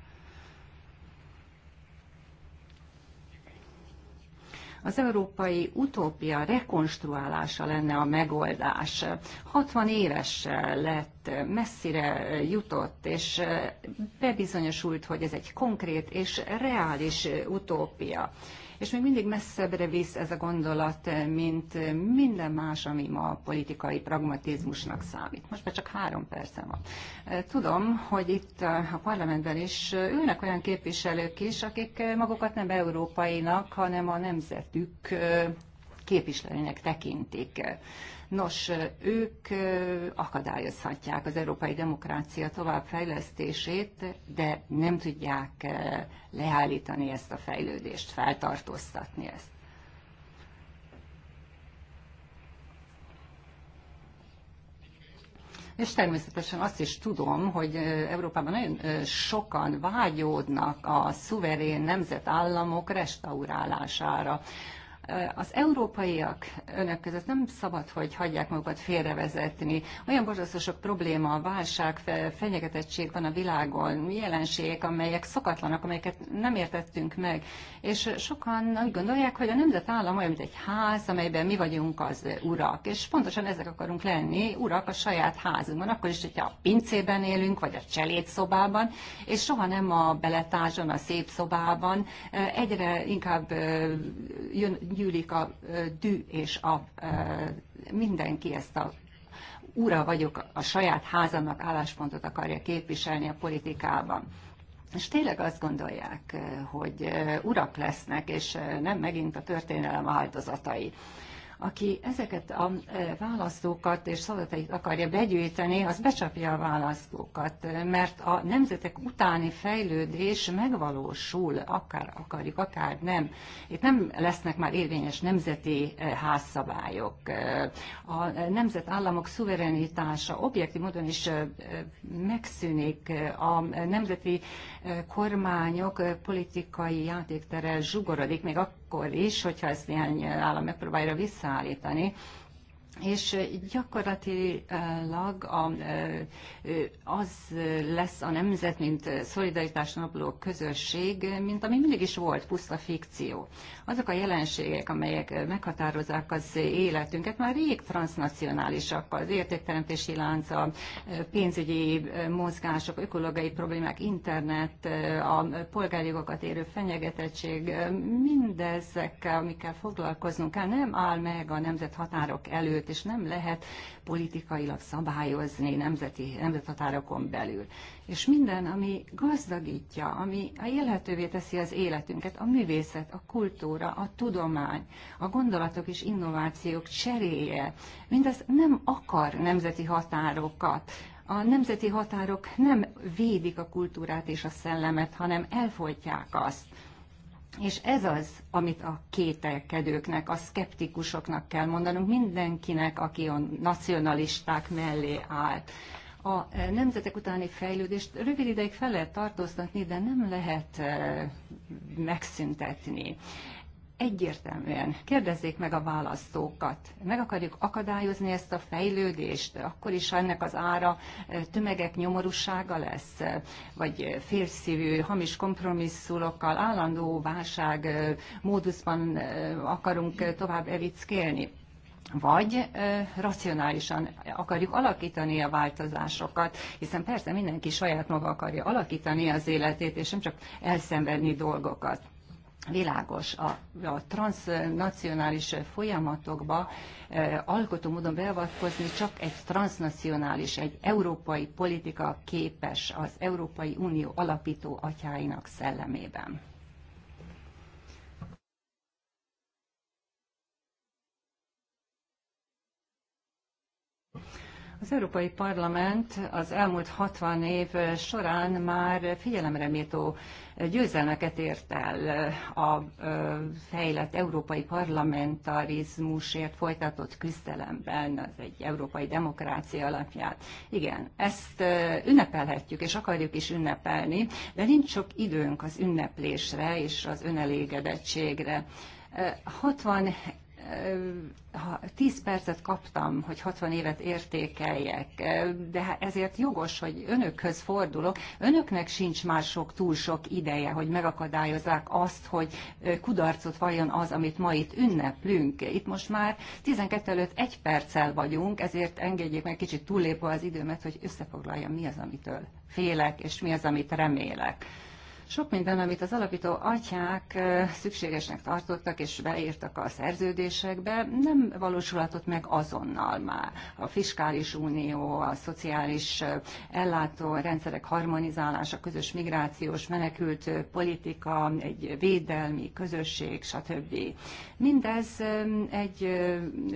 Az európai utópia rekonstruálása lenne a megoldás. 60 éves lett, messzire jutott, és bebizonyosult, hogy ez egy konkrét és reális utópia. És még mindig messzebbre visz ez a gondolat, mint minden más, ami ma a politikai pragmatizmusnak számít. Most már csak három percem van. Tudom, hogy itt a parlamentben is ülnek olyan képviselők is, akik magukat nem európainak, hanem a nemzetük képviselőnek tekintik. Nos, ők akadályozhatják az európai demokrácia továbbfejlesztését, de nem tudják leállítani ezt a fejlődést, feltartóztatni ezt. És természetesen azt is tudom, hogy Európában nagyon sokan vágyódnak a szuverén nemzetállamok restaurálására az európaiak önök között nem szabad, hogy hagyják magukat félrevezetni. Olyan borzasztó sok probléma, a válság, fenyegetettség van a világon, jelenségek, amelyek szokatlanak, amelyeket nem értettünk meg. És sokan úgy gondolják, hogy a nemzetállam olyan, mint egy ház, amelyben mi vagyunk az urak. És pontosan ezek akarunk lenni, urak a saját házunkban, akkor is, hogyha a pincében élünk, vagy a cselédszobában, és soha nem a beletázson, a szép szobában. Egyre inkább jön, gyűlik a dű és a mindenki ezt a ura vagyok, a saját házamnak álláspontot akarja képviselni a politikában. És tényleg azt gondolják, hogy urak lesznek, és nem megint a történelem áldozatai. Aki ezeket a e, választókat és szavazatait akarja begyűjteni, az becsapja a választókat, e, mert a nemzetek utáni fejlődés megvalósul, akár akarjuk, akár nem. Itt nem lesznek már érvényes nemzeti e, házszabályok. A nemzetállamok szuverenitása objektív módon is megszűnik. A nemzeti kormányok politikai játéktere zsugorodik, még akkor akkor is, hogyha ezt néhány állam megpróbálja visszaállítani, és gyakorlatilag a, az lesz a nemzet, mint szolidaritás napló közösség, mint ami mindig is volt, puszta fikció. Azok a jelenségek, amelyek meghatározzák az életünket, már rég transnacionálisak, az értékteremtési lánc, a pénzügyi mozgások, ökológiai problémák, internet, a polgárjogokat érő fenyegetettség, mindezekkel, amikkel foglalkoznunk kell, nem áll meg a nemzet határok előtt, és nem lehet politikailag szabályozni nemzeti, nemzethatárokon belül. És minden, ami gazdagítja, ami a élhetővé teszi az életünket, a művészet, a kultúra, a tudomány, a gondolatok és innovációk cseréje, mindez nem akar nemzeti határokat, a nemzeti határok nem védik a kultúrát és a szellemet, hanem elfolytják azt. És ez az, amit a kételkedőknek, a szkeptikusoknak kell mondanunk, mindenkinek, aki a nacionalisták mellé állt. A e, nemzetek utáni fejlődést rövid ideig fel lehet tartóztatni, de nem lehet e, megszüntetni egyértelműen kérdezzék meg a választókat. Meg akarjuk akadályozni ezt a fejlődést, akkor is ennek az ára tömegek nyomorúsága lesz, vagy félszívű, hamis kompromisszulokkal, állandó válság móduszban akarunk tovább evickélni vagy ö, racionálisan akarjuk alakítani a változásokat, hiszen persze mindenki saját maga akarja alakítani az életét, és nem csak elszenvedni dolgokat világos, a, a transnacionális folyamatokba e, alkotó módon beavatkozni csak egy transnacionális, egy európai politika képes az Európai Unió alapító atyáinak szellemében. Az Európai Parlament az elmúlt 60 év során már figyelemreméltó győzelmeket ért el a fejlett európai parlamentarizmusért folytatott küzdelemben, az egy európai demokrácia alapját. Igen, ezt ünnepelhetjük, és akarjuk is ünnepelni, de nincs sok időnk az ünneplésre és az önelégedettségre. 60 10 percet kaptam, hogy 60 évet értékeljek, de hát ezért jogos, hogy önökhöz fordulok. Önöknek sincs már sok, túl sok ideje, hogy megakadályozzák azt, hogy kudarcot valljon az, amit ma itt ünneplünk. Itt most már 12 előtt egy perccel vagyunk, ezért engedjék meg kicsit túllépve az időmet, hogy összefoglaljam, mi az, amitől félek, és mi az, amit remélek. Sok minden, amit az alapító atyák szükségesnek tartottak és beírtak a szerződésekbe, nem valósulhatott meg azonnal már. A fiskális unió, a szociális ellátó rendszerek harmonizálása, közös migrációs menekült politika, egy védelmi közösség, stb. Mindez egy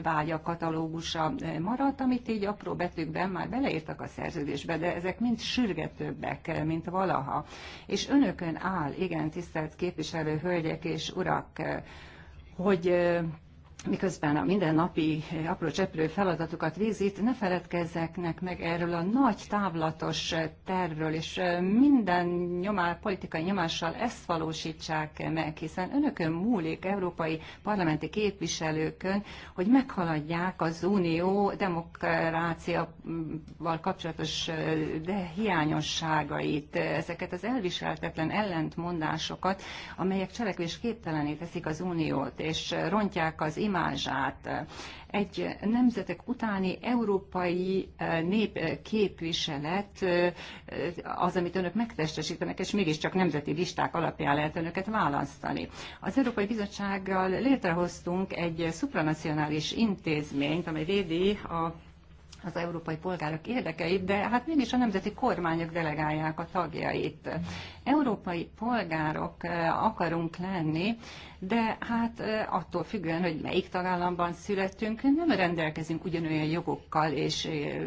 vágya katalógusa maradt, amit így apró betűkben már beleírtak a szerződésbe, de ezek mind sürgetőbbek, mint valaha. És önök ön áll, igen, tisztelt képviselő hölgyek és urak, hogy miközben a mindennapi apró cseprő feladatokat végzít, ne feledkezzeknek meg erről a nagy távlatos tervről, és minden nyomá, politikai nyomással ezt valósítsák meg, hiszen önökön múlik, európai parlamenti képviselőkön, hogy meghaladják az unió demokráciával kapcsolatos de hiányosságait, ezeket az elviseltetlen ellentmondásokat, amelyek képtelené teszik az uniót, és rontják az im- imázsát. Egy nemzetek utáni európai eh, népképviselet eh, eh, az, amit önök megtestesítenek, és mégiscsak nemzeti listák alapján lehet önöket választani. Az Európai Bizottsággal létrehoztunk egy szupranacionális intézményt, amely védi a az európai polgárok érdekeit, de hát mégis a nemzeti kormányok delegálják a tagjait. Európai polgárok akarunk lenni, de hát attól függően, hogy melyik tagállamban születünk, nem rendelkezünk ugyanolyan jogokkal és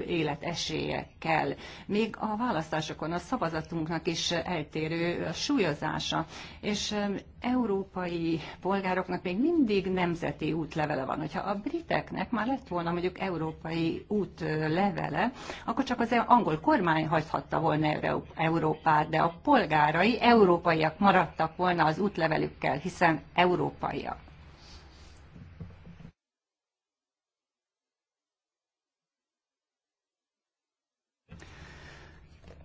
életesélyekkel. Még a választásokon a szavazatunknak is eltérő a súlyozása, és európai polgároknak még mindig nemzeti útlevele van. Hogyha a briteknek már lett volna mondjuk európai útlevele, akkor csak az angol kormány hagyhatta volna Európát, de a polgárai európaiak maradtak volna az útlevelükkel, hiszen európaiak.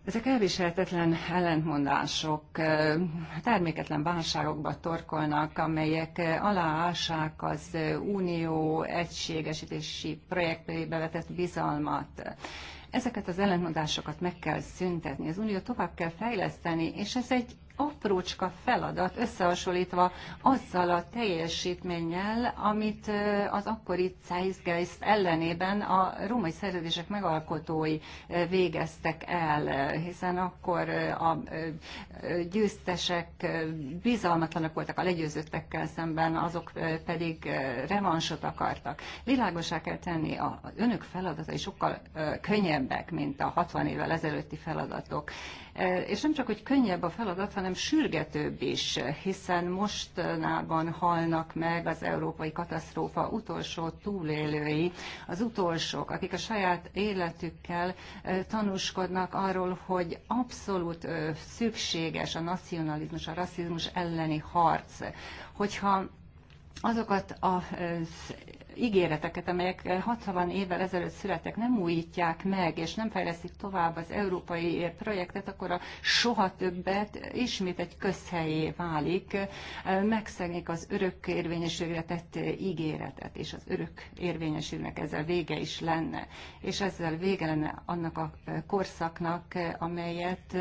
Ezek elviselhetetlen ellentmondások eh, terméketlen válságokba torkolnak, amelyek aláássák az unió egységesítési projektbe vetett bizalmat. Ezeket az ellentmondásokat meg kell szüntetni, az unió tovább kell fejleszteni, és ez egy aprócska feladat összehasonlítva azzal a teljesítménnyel, amit az akkori Zeitgeist ellenében a római szerződések megalkotói végeztek el, hiszen akkor a győztesek bizalmatlanak voltak a legyőzöttekkel szemben, azok pedig revansot akartak. Világosá kell tenni, a önök feladatai sokkal könnyebbek, mint a 60 évvel ezelőtti feladatok. És nem csak, hogy könnyebb a feladat, hanem sürgetőbb is, hiszen mostanában halnak meg az európai katasztrófa utolsó túlélői, az utolsók, akik a saját életükkel tanúskodnak arról, hogy abszolút szükséges a nacionalizmus, a rasszizmus elleni harc. Hogyha azokat az ígéreteket, amelyek 60 évvel ezelőtt születtek, nem újítják meg, és nem fejlesztik tovább az európai projektet, akkor a soha többet ismét egy közhelyé válik, megszegnék az örök érvényességre tett ígéretet, és az örök érvényességnek ezzel vége is lenne. És ezzel vége lenne annak a korszaknak, amelyet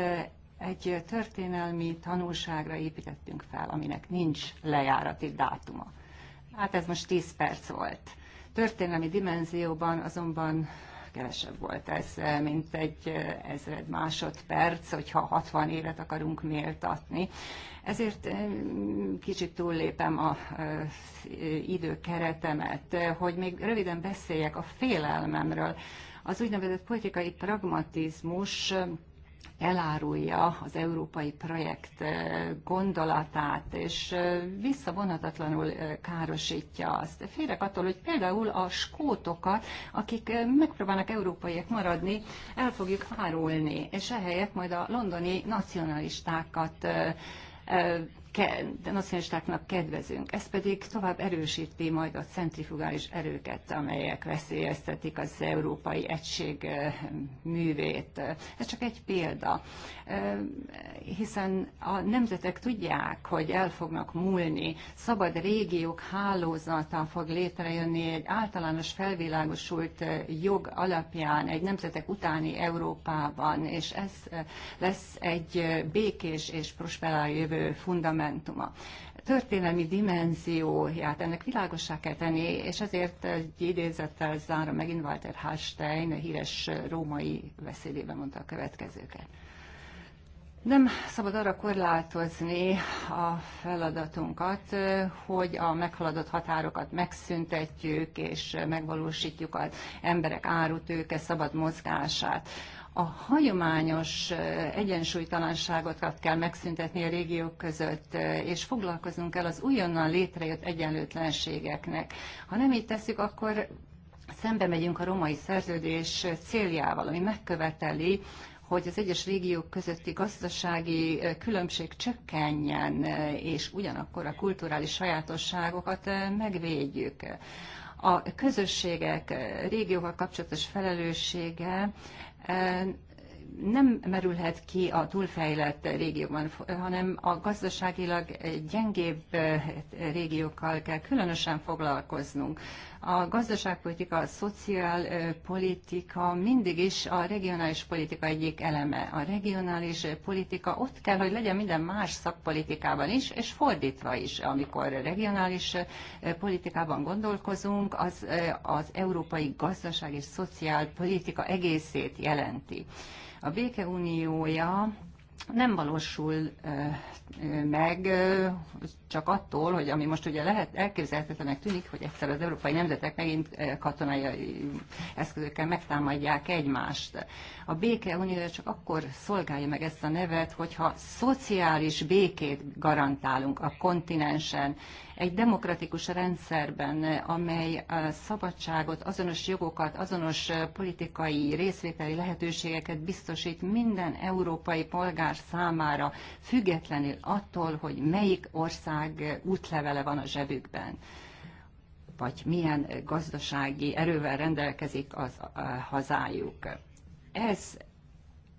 egy történelmi tanulságra építettünk fel, aminek nincs lejárati dátuma. Hát ez most 10 perc volt. Történelmi dimenzióban azonban kevesebb volt ez, mint egy eh, ezred másodperc, hogyha 60 évet akarunk méltatni. Ezért eh, kicsit túllépem a eh, időkeretemet, hogy még röviden beszéljek a félelmemről. Az úgynevezett politikai pragmatizmus elárulja az európai projekt eh, gondolatát, és eh, visszavonhatatlanul eh, károsítja azt. Félek attól, hogy például a skótokat, akik megpróbálnak európaiak maradni, el fogjuk árulni, és ehelyett majd a londoni nacionalistákat nacionalistáknak kedvezünk. Ez pedig tovább erősíti majd a centrifugális erőket, amelyek veszélyeztetik az európai egység művét. Ez csak egy példa, hiszen a nemzetek tudják, hogy el fognak múlni, szabad régiók hálózata fog létrejönni egy általános felvilágosult jog alapján egy nemzetek utáni Európában, és ez lesz egy békés és prosperáló jövő fundament monumentuma. Történelmi dimenzióját ennek világosá kell tenni, és ezért egy idézettel zárom megint Walter Hallstein, híres római beszédében mondta a következőket. Nem szabad arra korlátozni a feladatunkat, hogy a meghaladott határokat megszüntetjük és megvalósítjuk az emberek árutőke szabad mozgását a hagyományos egyensúlytalanságokat kell megszüntetni a régiók között, és foglalkozunk el az újonnan létrejött egyenlőtlenségeknek. Ha nem így tesszük, akkor szembe megyünk a romai szerződés céljával, ami megköveteli, hogy az egyes régiók közötti gazdasági különbség csökkenjen, és ugyanakkor a kulturális sajátosságokat megvédjük a közösségek, eh, régióval kapcsolatos felelőssége eh, nem merülhet ki a túlfejlett régióban, hanem a gazdaságilag gyengébb eh, régiókkal kell különösen foglalkoznunk. A gazdaságpolitika, a szociálpolitika eh, mindig is a regionális politika egyik eleme. A regionális politika ott kell, hogy legyen minden más szakpolitikában is, és fordítva is. Amikor regionális eh, politikában gondolkozunk, az, az európai gazdaság és szociálpolitika egészét jelenti. A béke uniója nem valósul meg csak attól, hogy ami most ugye lehet elképzelhetetlenek tűnik, hogy egyszer az európai nemzetek megint katonai eszközökkel megtámadják egymást. A béke unió csak akkor szolgálja meg ezt a nevet, hogyha szociális békét garantálunk a kontinensen, egy demokratikus rendszerben, amely a szabadságot, azonos jogokat, azonos politikai részvételi lehetőségeket biztosít minden európai polgár számára, függetlenül attól, hogy melyik ország útlevele van a zsebükben vagy milyen gazdasági erővel rendelkezik az a hazájuk. Ez,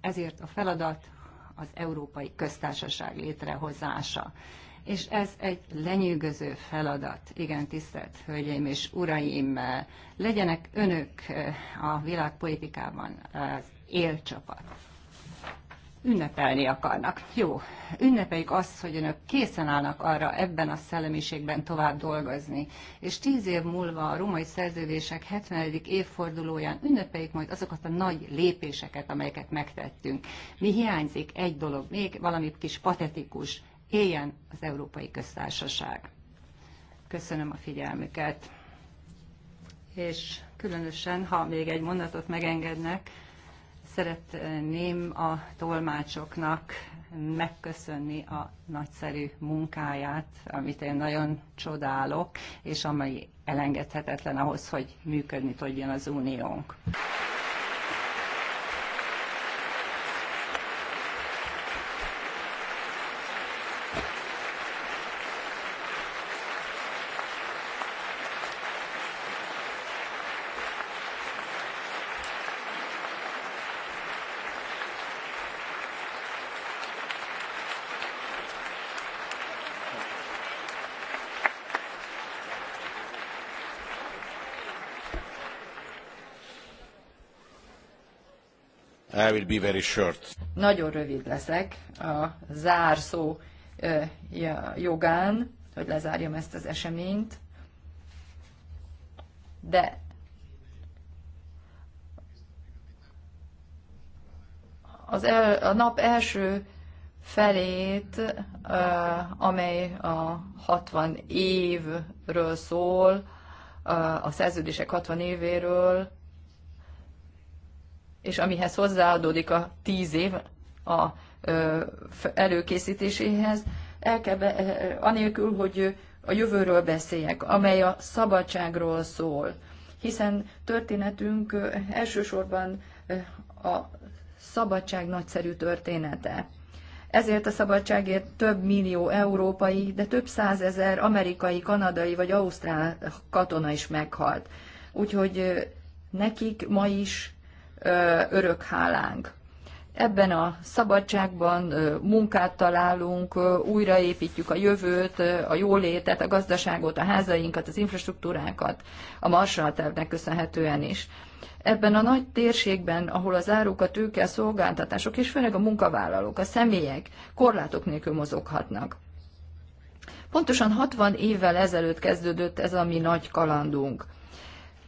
ezért a feladat az Európai Köztársaság létrehozása és ez egy lenyűgöző feladat. Igen, tisztelt Hölgyeim és Uraim, legyenek önök eh, a világpolitikában az élcsapat. Ünnepelni akarnak. Jó, ünnepeljük azt, hogy önök készen állnak arra ebben a szellemiségben tovább dolgozni. És tíz év múlva a római szerződések 70. évfordulóján ünnepeljük majd azokat a nagy lépéseket, amelyeket megtettünk. Mi hiányzik? Egy dolog még, valami kis patetikus éljen az Európai Köztársaság. Köszönöm a figyelmüket. És különösen, ha még egy mondatot megengednek, szeretném a tolmácsoknak megköszönni a nagyszerű munkáját, amit én nagyon csodálok, és amely elengedhetetlen ahhoz, hogy működni tudjon az uniónk. Nagyon rövid leszek a zárszó jogán, hogy lezárjam ezt az eseményt. De az el, a nap első felét, amely a 60 évről szól, a szerződések 60 évéről, és amihez hozzáadódik a tíz év a előkészítéséhez, el kell be, anélkül, hogy a jövőről beszéljek, amely a szabadságról szól. Hiszen történetünk elsősorban a szabadság nagyszerű története. Ezért a szabadságért több millió európai, de több százezer amerikai, kanadai vagy ausztrál katona is meghalt. Úgyhogy nekik ma is örök hálánk. Ebben a szabadságban munkát találunk, újraépítjük a jövőt, a jólétet, a gazdaságot, a házainkat, az infrastruktúránkat, a Marshall-tervnek köszönhetően is. Ebben a nagy térségben, ahol az áruk, a tőke, a szolgáltatások és főleg a munkavállalók, a személyek korlátok nélkül mozoghatnak. Pontosan 60 évvel ezelőtt kezdődött ez a mi nagy kalandunk –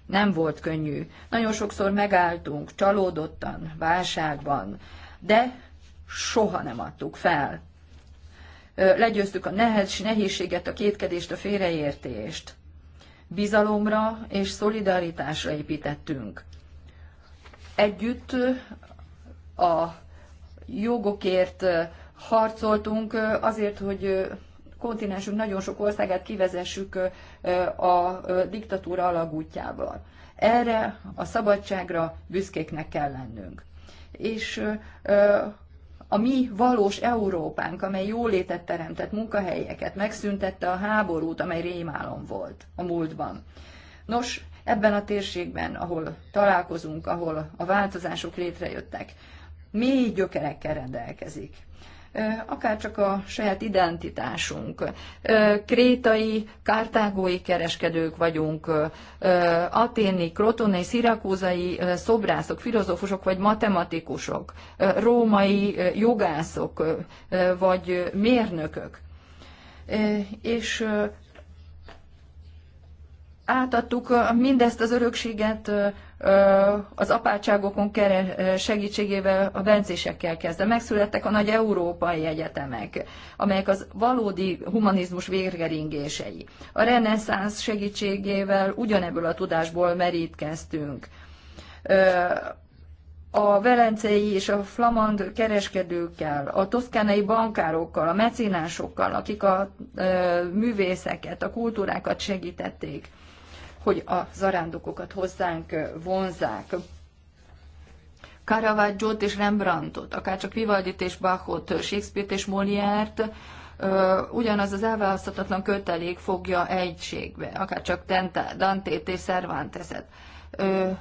nem volt könnyű. Nagyon sokszor megálltunk, csalódottan, válságban, de soha nem adtuk fel. Legyőztük a nehez, nehézséget, a kétkedést, a félreértést. Bizalomra és szolidaritásra építettünk. Együtt a jogokért harcoltunk azért, hogy kontinensünk nagyon sok országát kivezessük a diktatúra alagútjával. Erre a szabadságra büszkéknek kell lennünk. És a mi valós Európánk, amely jólétet teremtett munkahelyeket, megszüntette a háborút, amely rémálom volt a múltban. Nos, ebben a térségben, ahol találkozunk, ahol a változások létrejöttek, mély gyökerekkel rendelkezik akár csak a saját identitásunk. Krétai, kártágói kereskedők vagyunk, aténi, krotoni, szirakúzai szobrászok, filozófusok vagy matematikusok, római jogászok vagy mérnökök. És átadtuk mindezt az örökséget az apátságokon segítségével a bencésekkel kezdve. Megszülettek a nagy európai egyetemek, amelyek az valódi humanizmus vérgeringései. A reneszánsz segítségével ugyanebből a tudásból merítkeztünk. A velencei és a flamand kereskedőkkel, a toszkánai bankárokkal, a mecénásokkal, akik a művészeket, a kultúrákat segítették hogy a zarándokokat hozzánk vonzák. caravaggio és Rembrandtot, akárcsak Vivaldit és Bachot, Shakespeare-t és Moliert, ugyanaz az elválaszthatatlan kötelék fogja egységbe, akárcsak Dantét és Cervanteset.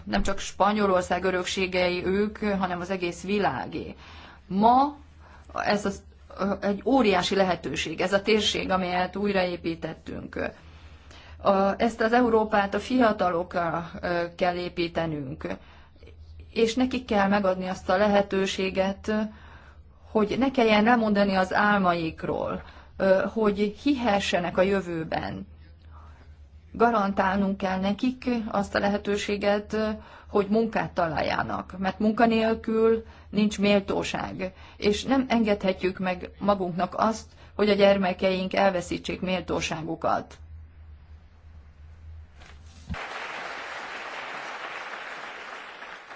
Nem csak Spanyolország örökségei ők, hanem az egész világé. Ma ez az, egy óriási lehetőség, ez a térség, amelyet újraépítettünk a, ezt az Európát a fiatalokra kell építenünk, és nekik kell megadni azt a lehetőséget, hogy ne kelljen lemondani az álmaikról, hogy hihessenek a jövőben. Garantálnunk kell nekik azt a lehetőséget, hogy munkát találjanak, mert munkanélkül nincs méltóság, és nem engedhetjük meg magunknak azt, hogy a gyermekeink elveszítsék méltóságukat.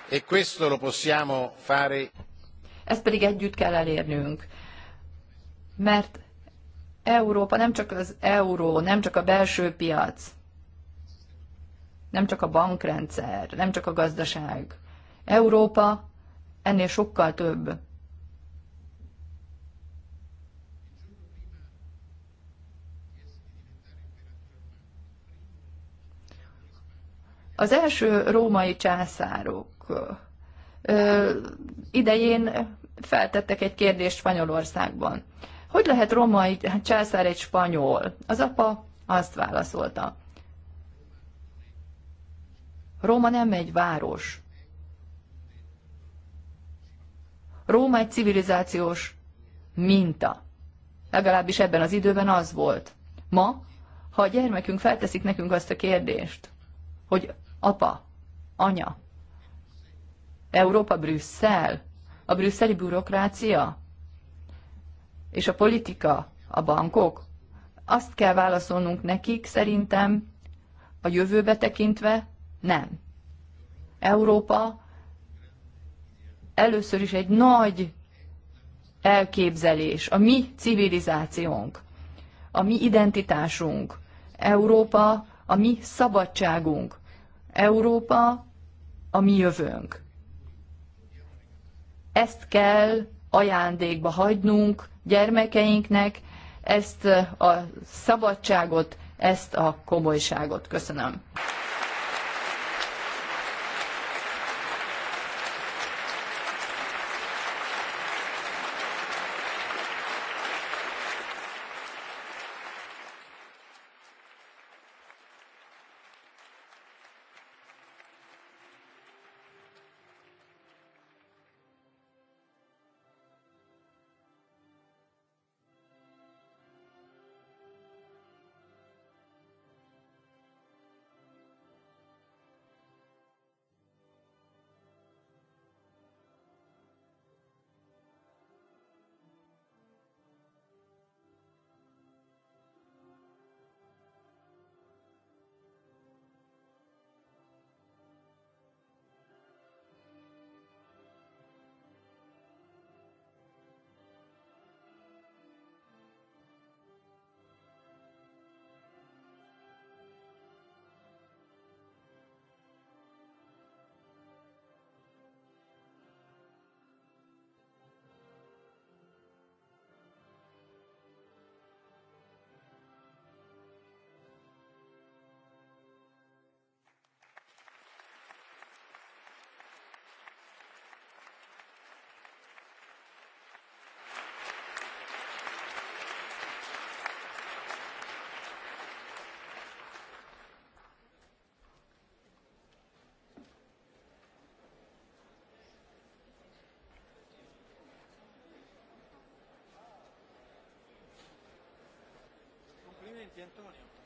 E questo lo possiamo fare. Ezt pedig együtt kell elérnünk, mert Európa nem csak az euró, nem csak a belső piac, nem csak a bankrendszer, nem csak a gazdaság. Európa ennél sokkal több. Az első római császárok idején feltettek egy kérdést Spanyolországban. Hogy lehet romai hát császár egy spanyol? Az apa azt válaszolta. Róma nem egy város. Róma egy civilizációs minta. Legalábbis ebben az időben az volt. Ma, ha a gyermekünk felteszik nekünk azt a kérdést, hogy apa, anya, Európa Brüsszel? A brüsszeli bürokrácia? És a politika? A bankok? Azt kell válaszolnunk nekik szerintem, a jövőbe tekintve nem. Európa először is egy nagy elképzelés, a mi civilizációnk, a mi identitásunk, Európa a mi szabadságunk, Európa a mi jövőnk. Ezt kell ajándékba hagynunk gyermekeinknek, ezt a szabadságot, ezt a komolyságot. Köszönöm. Di Antonio.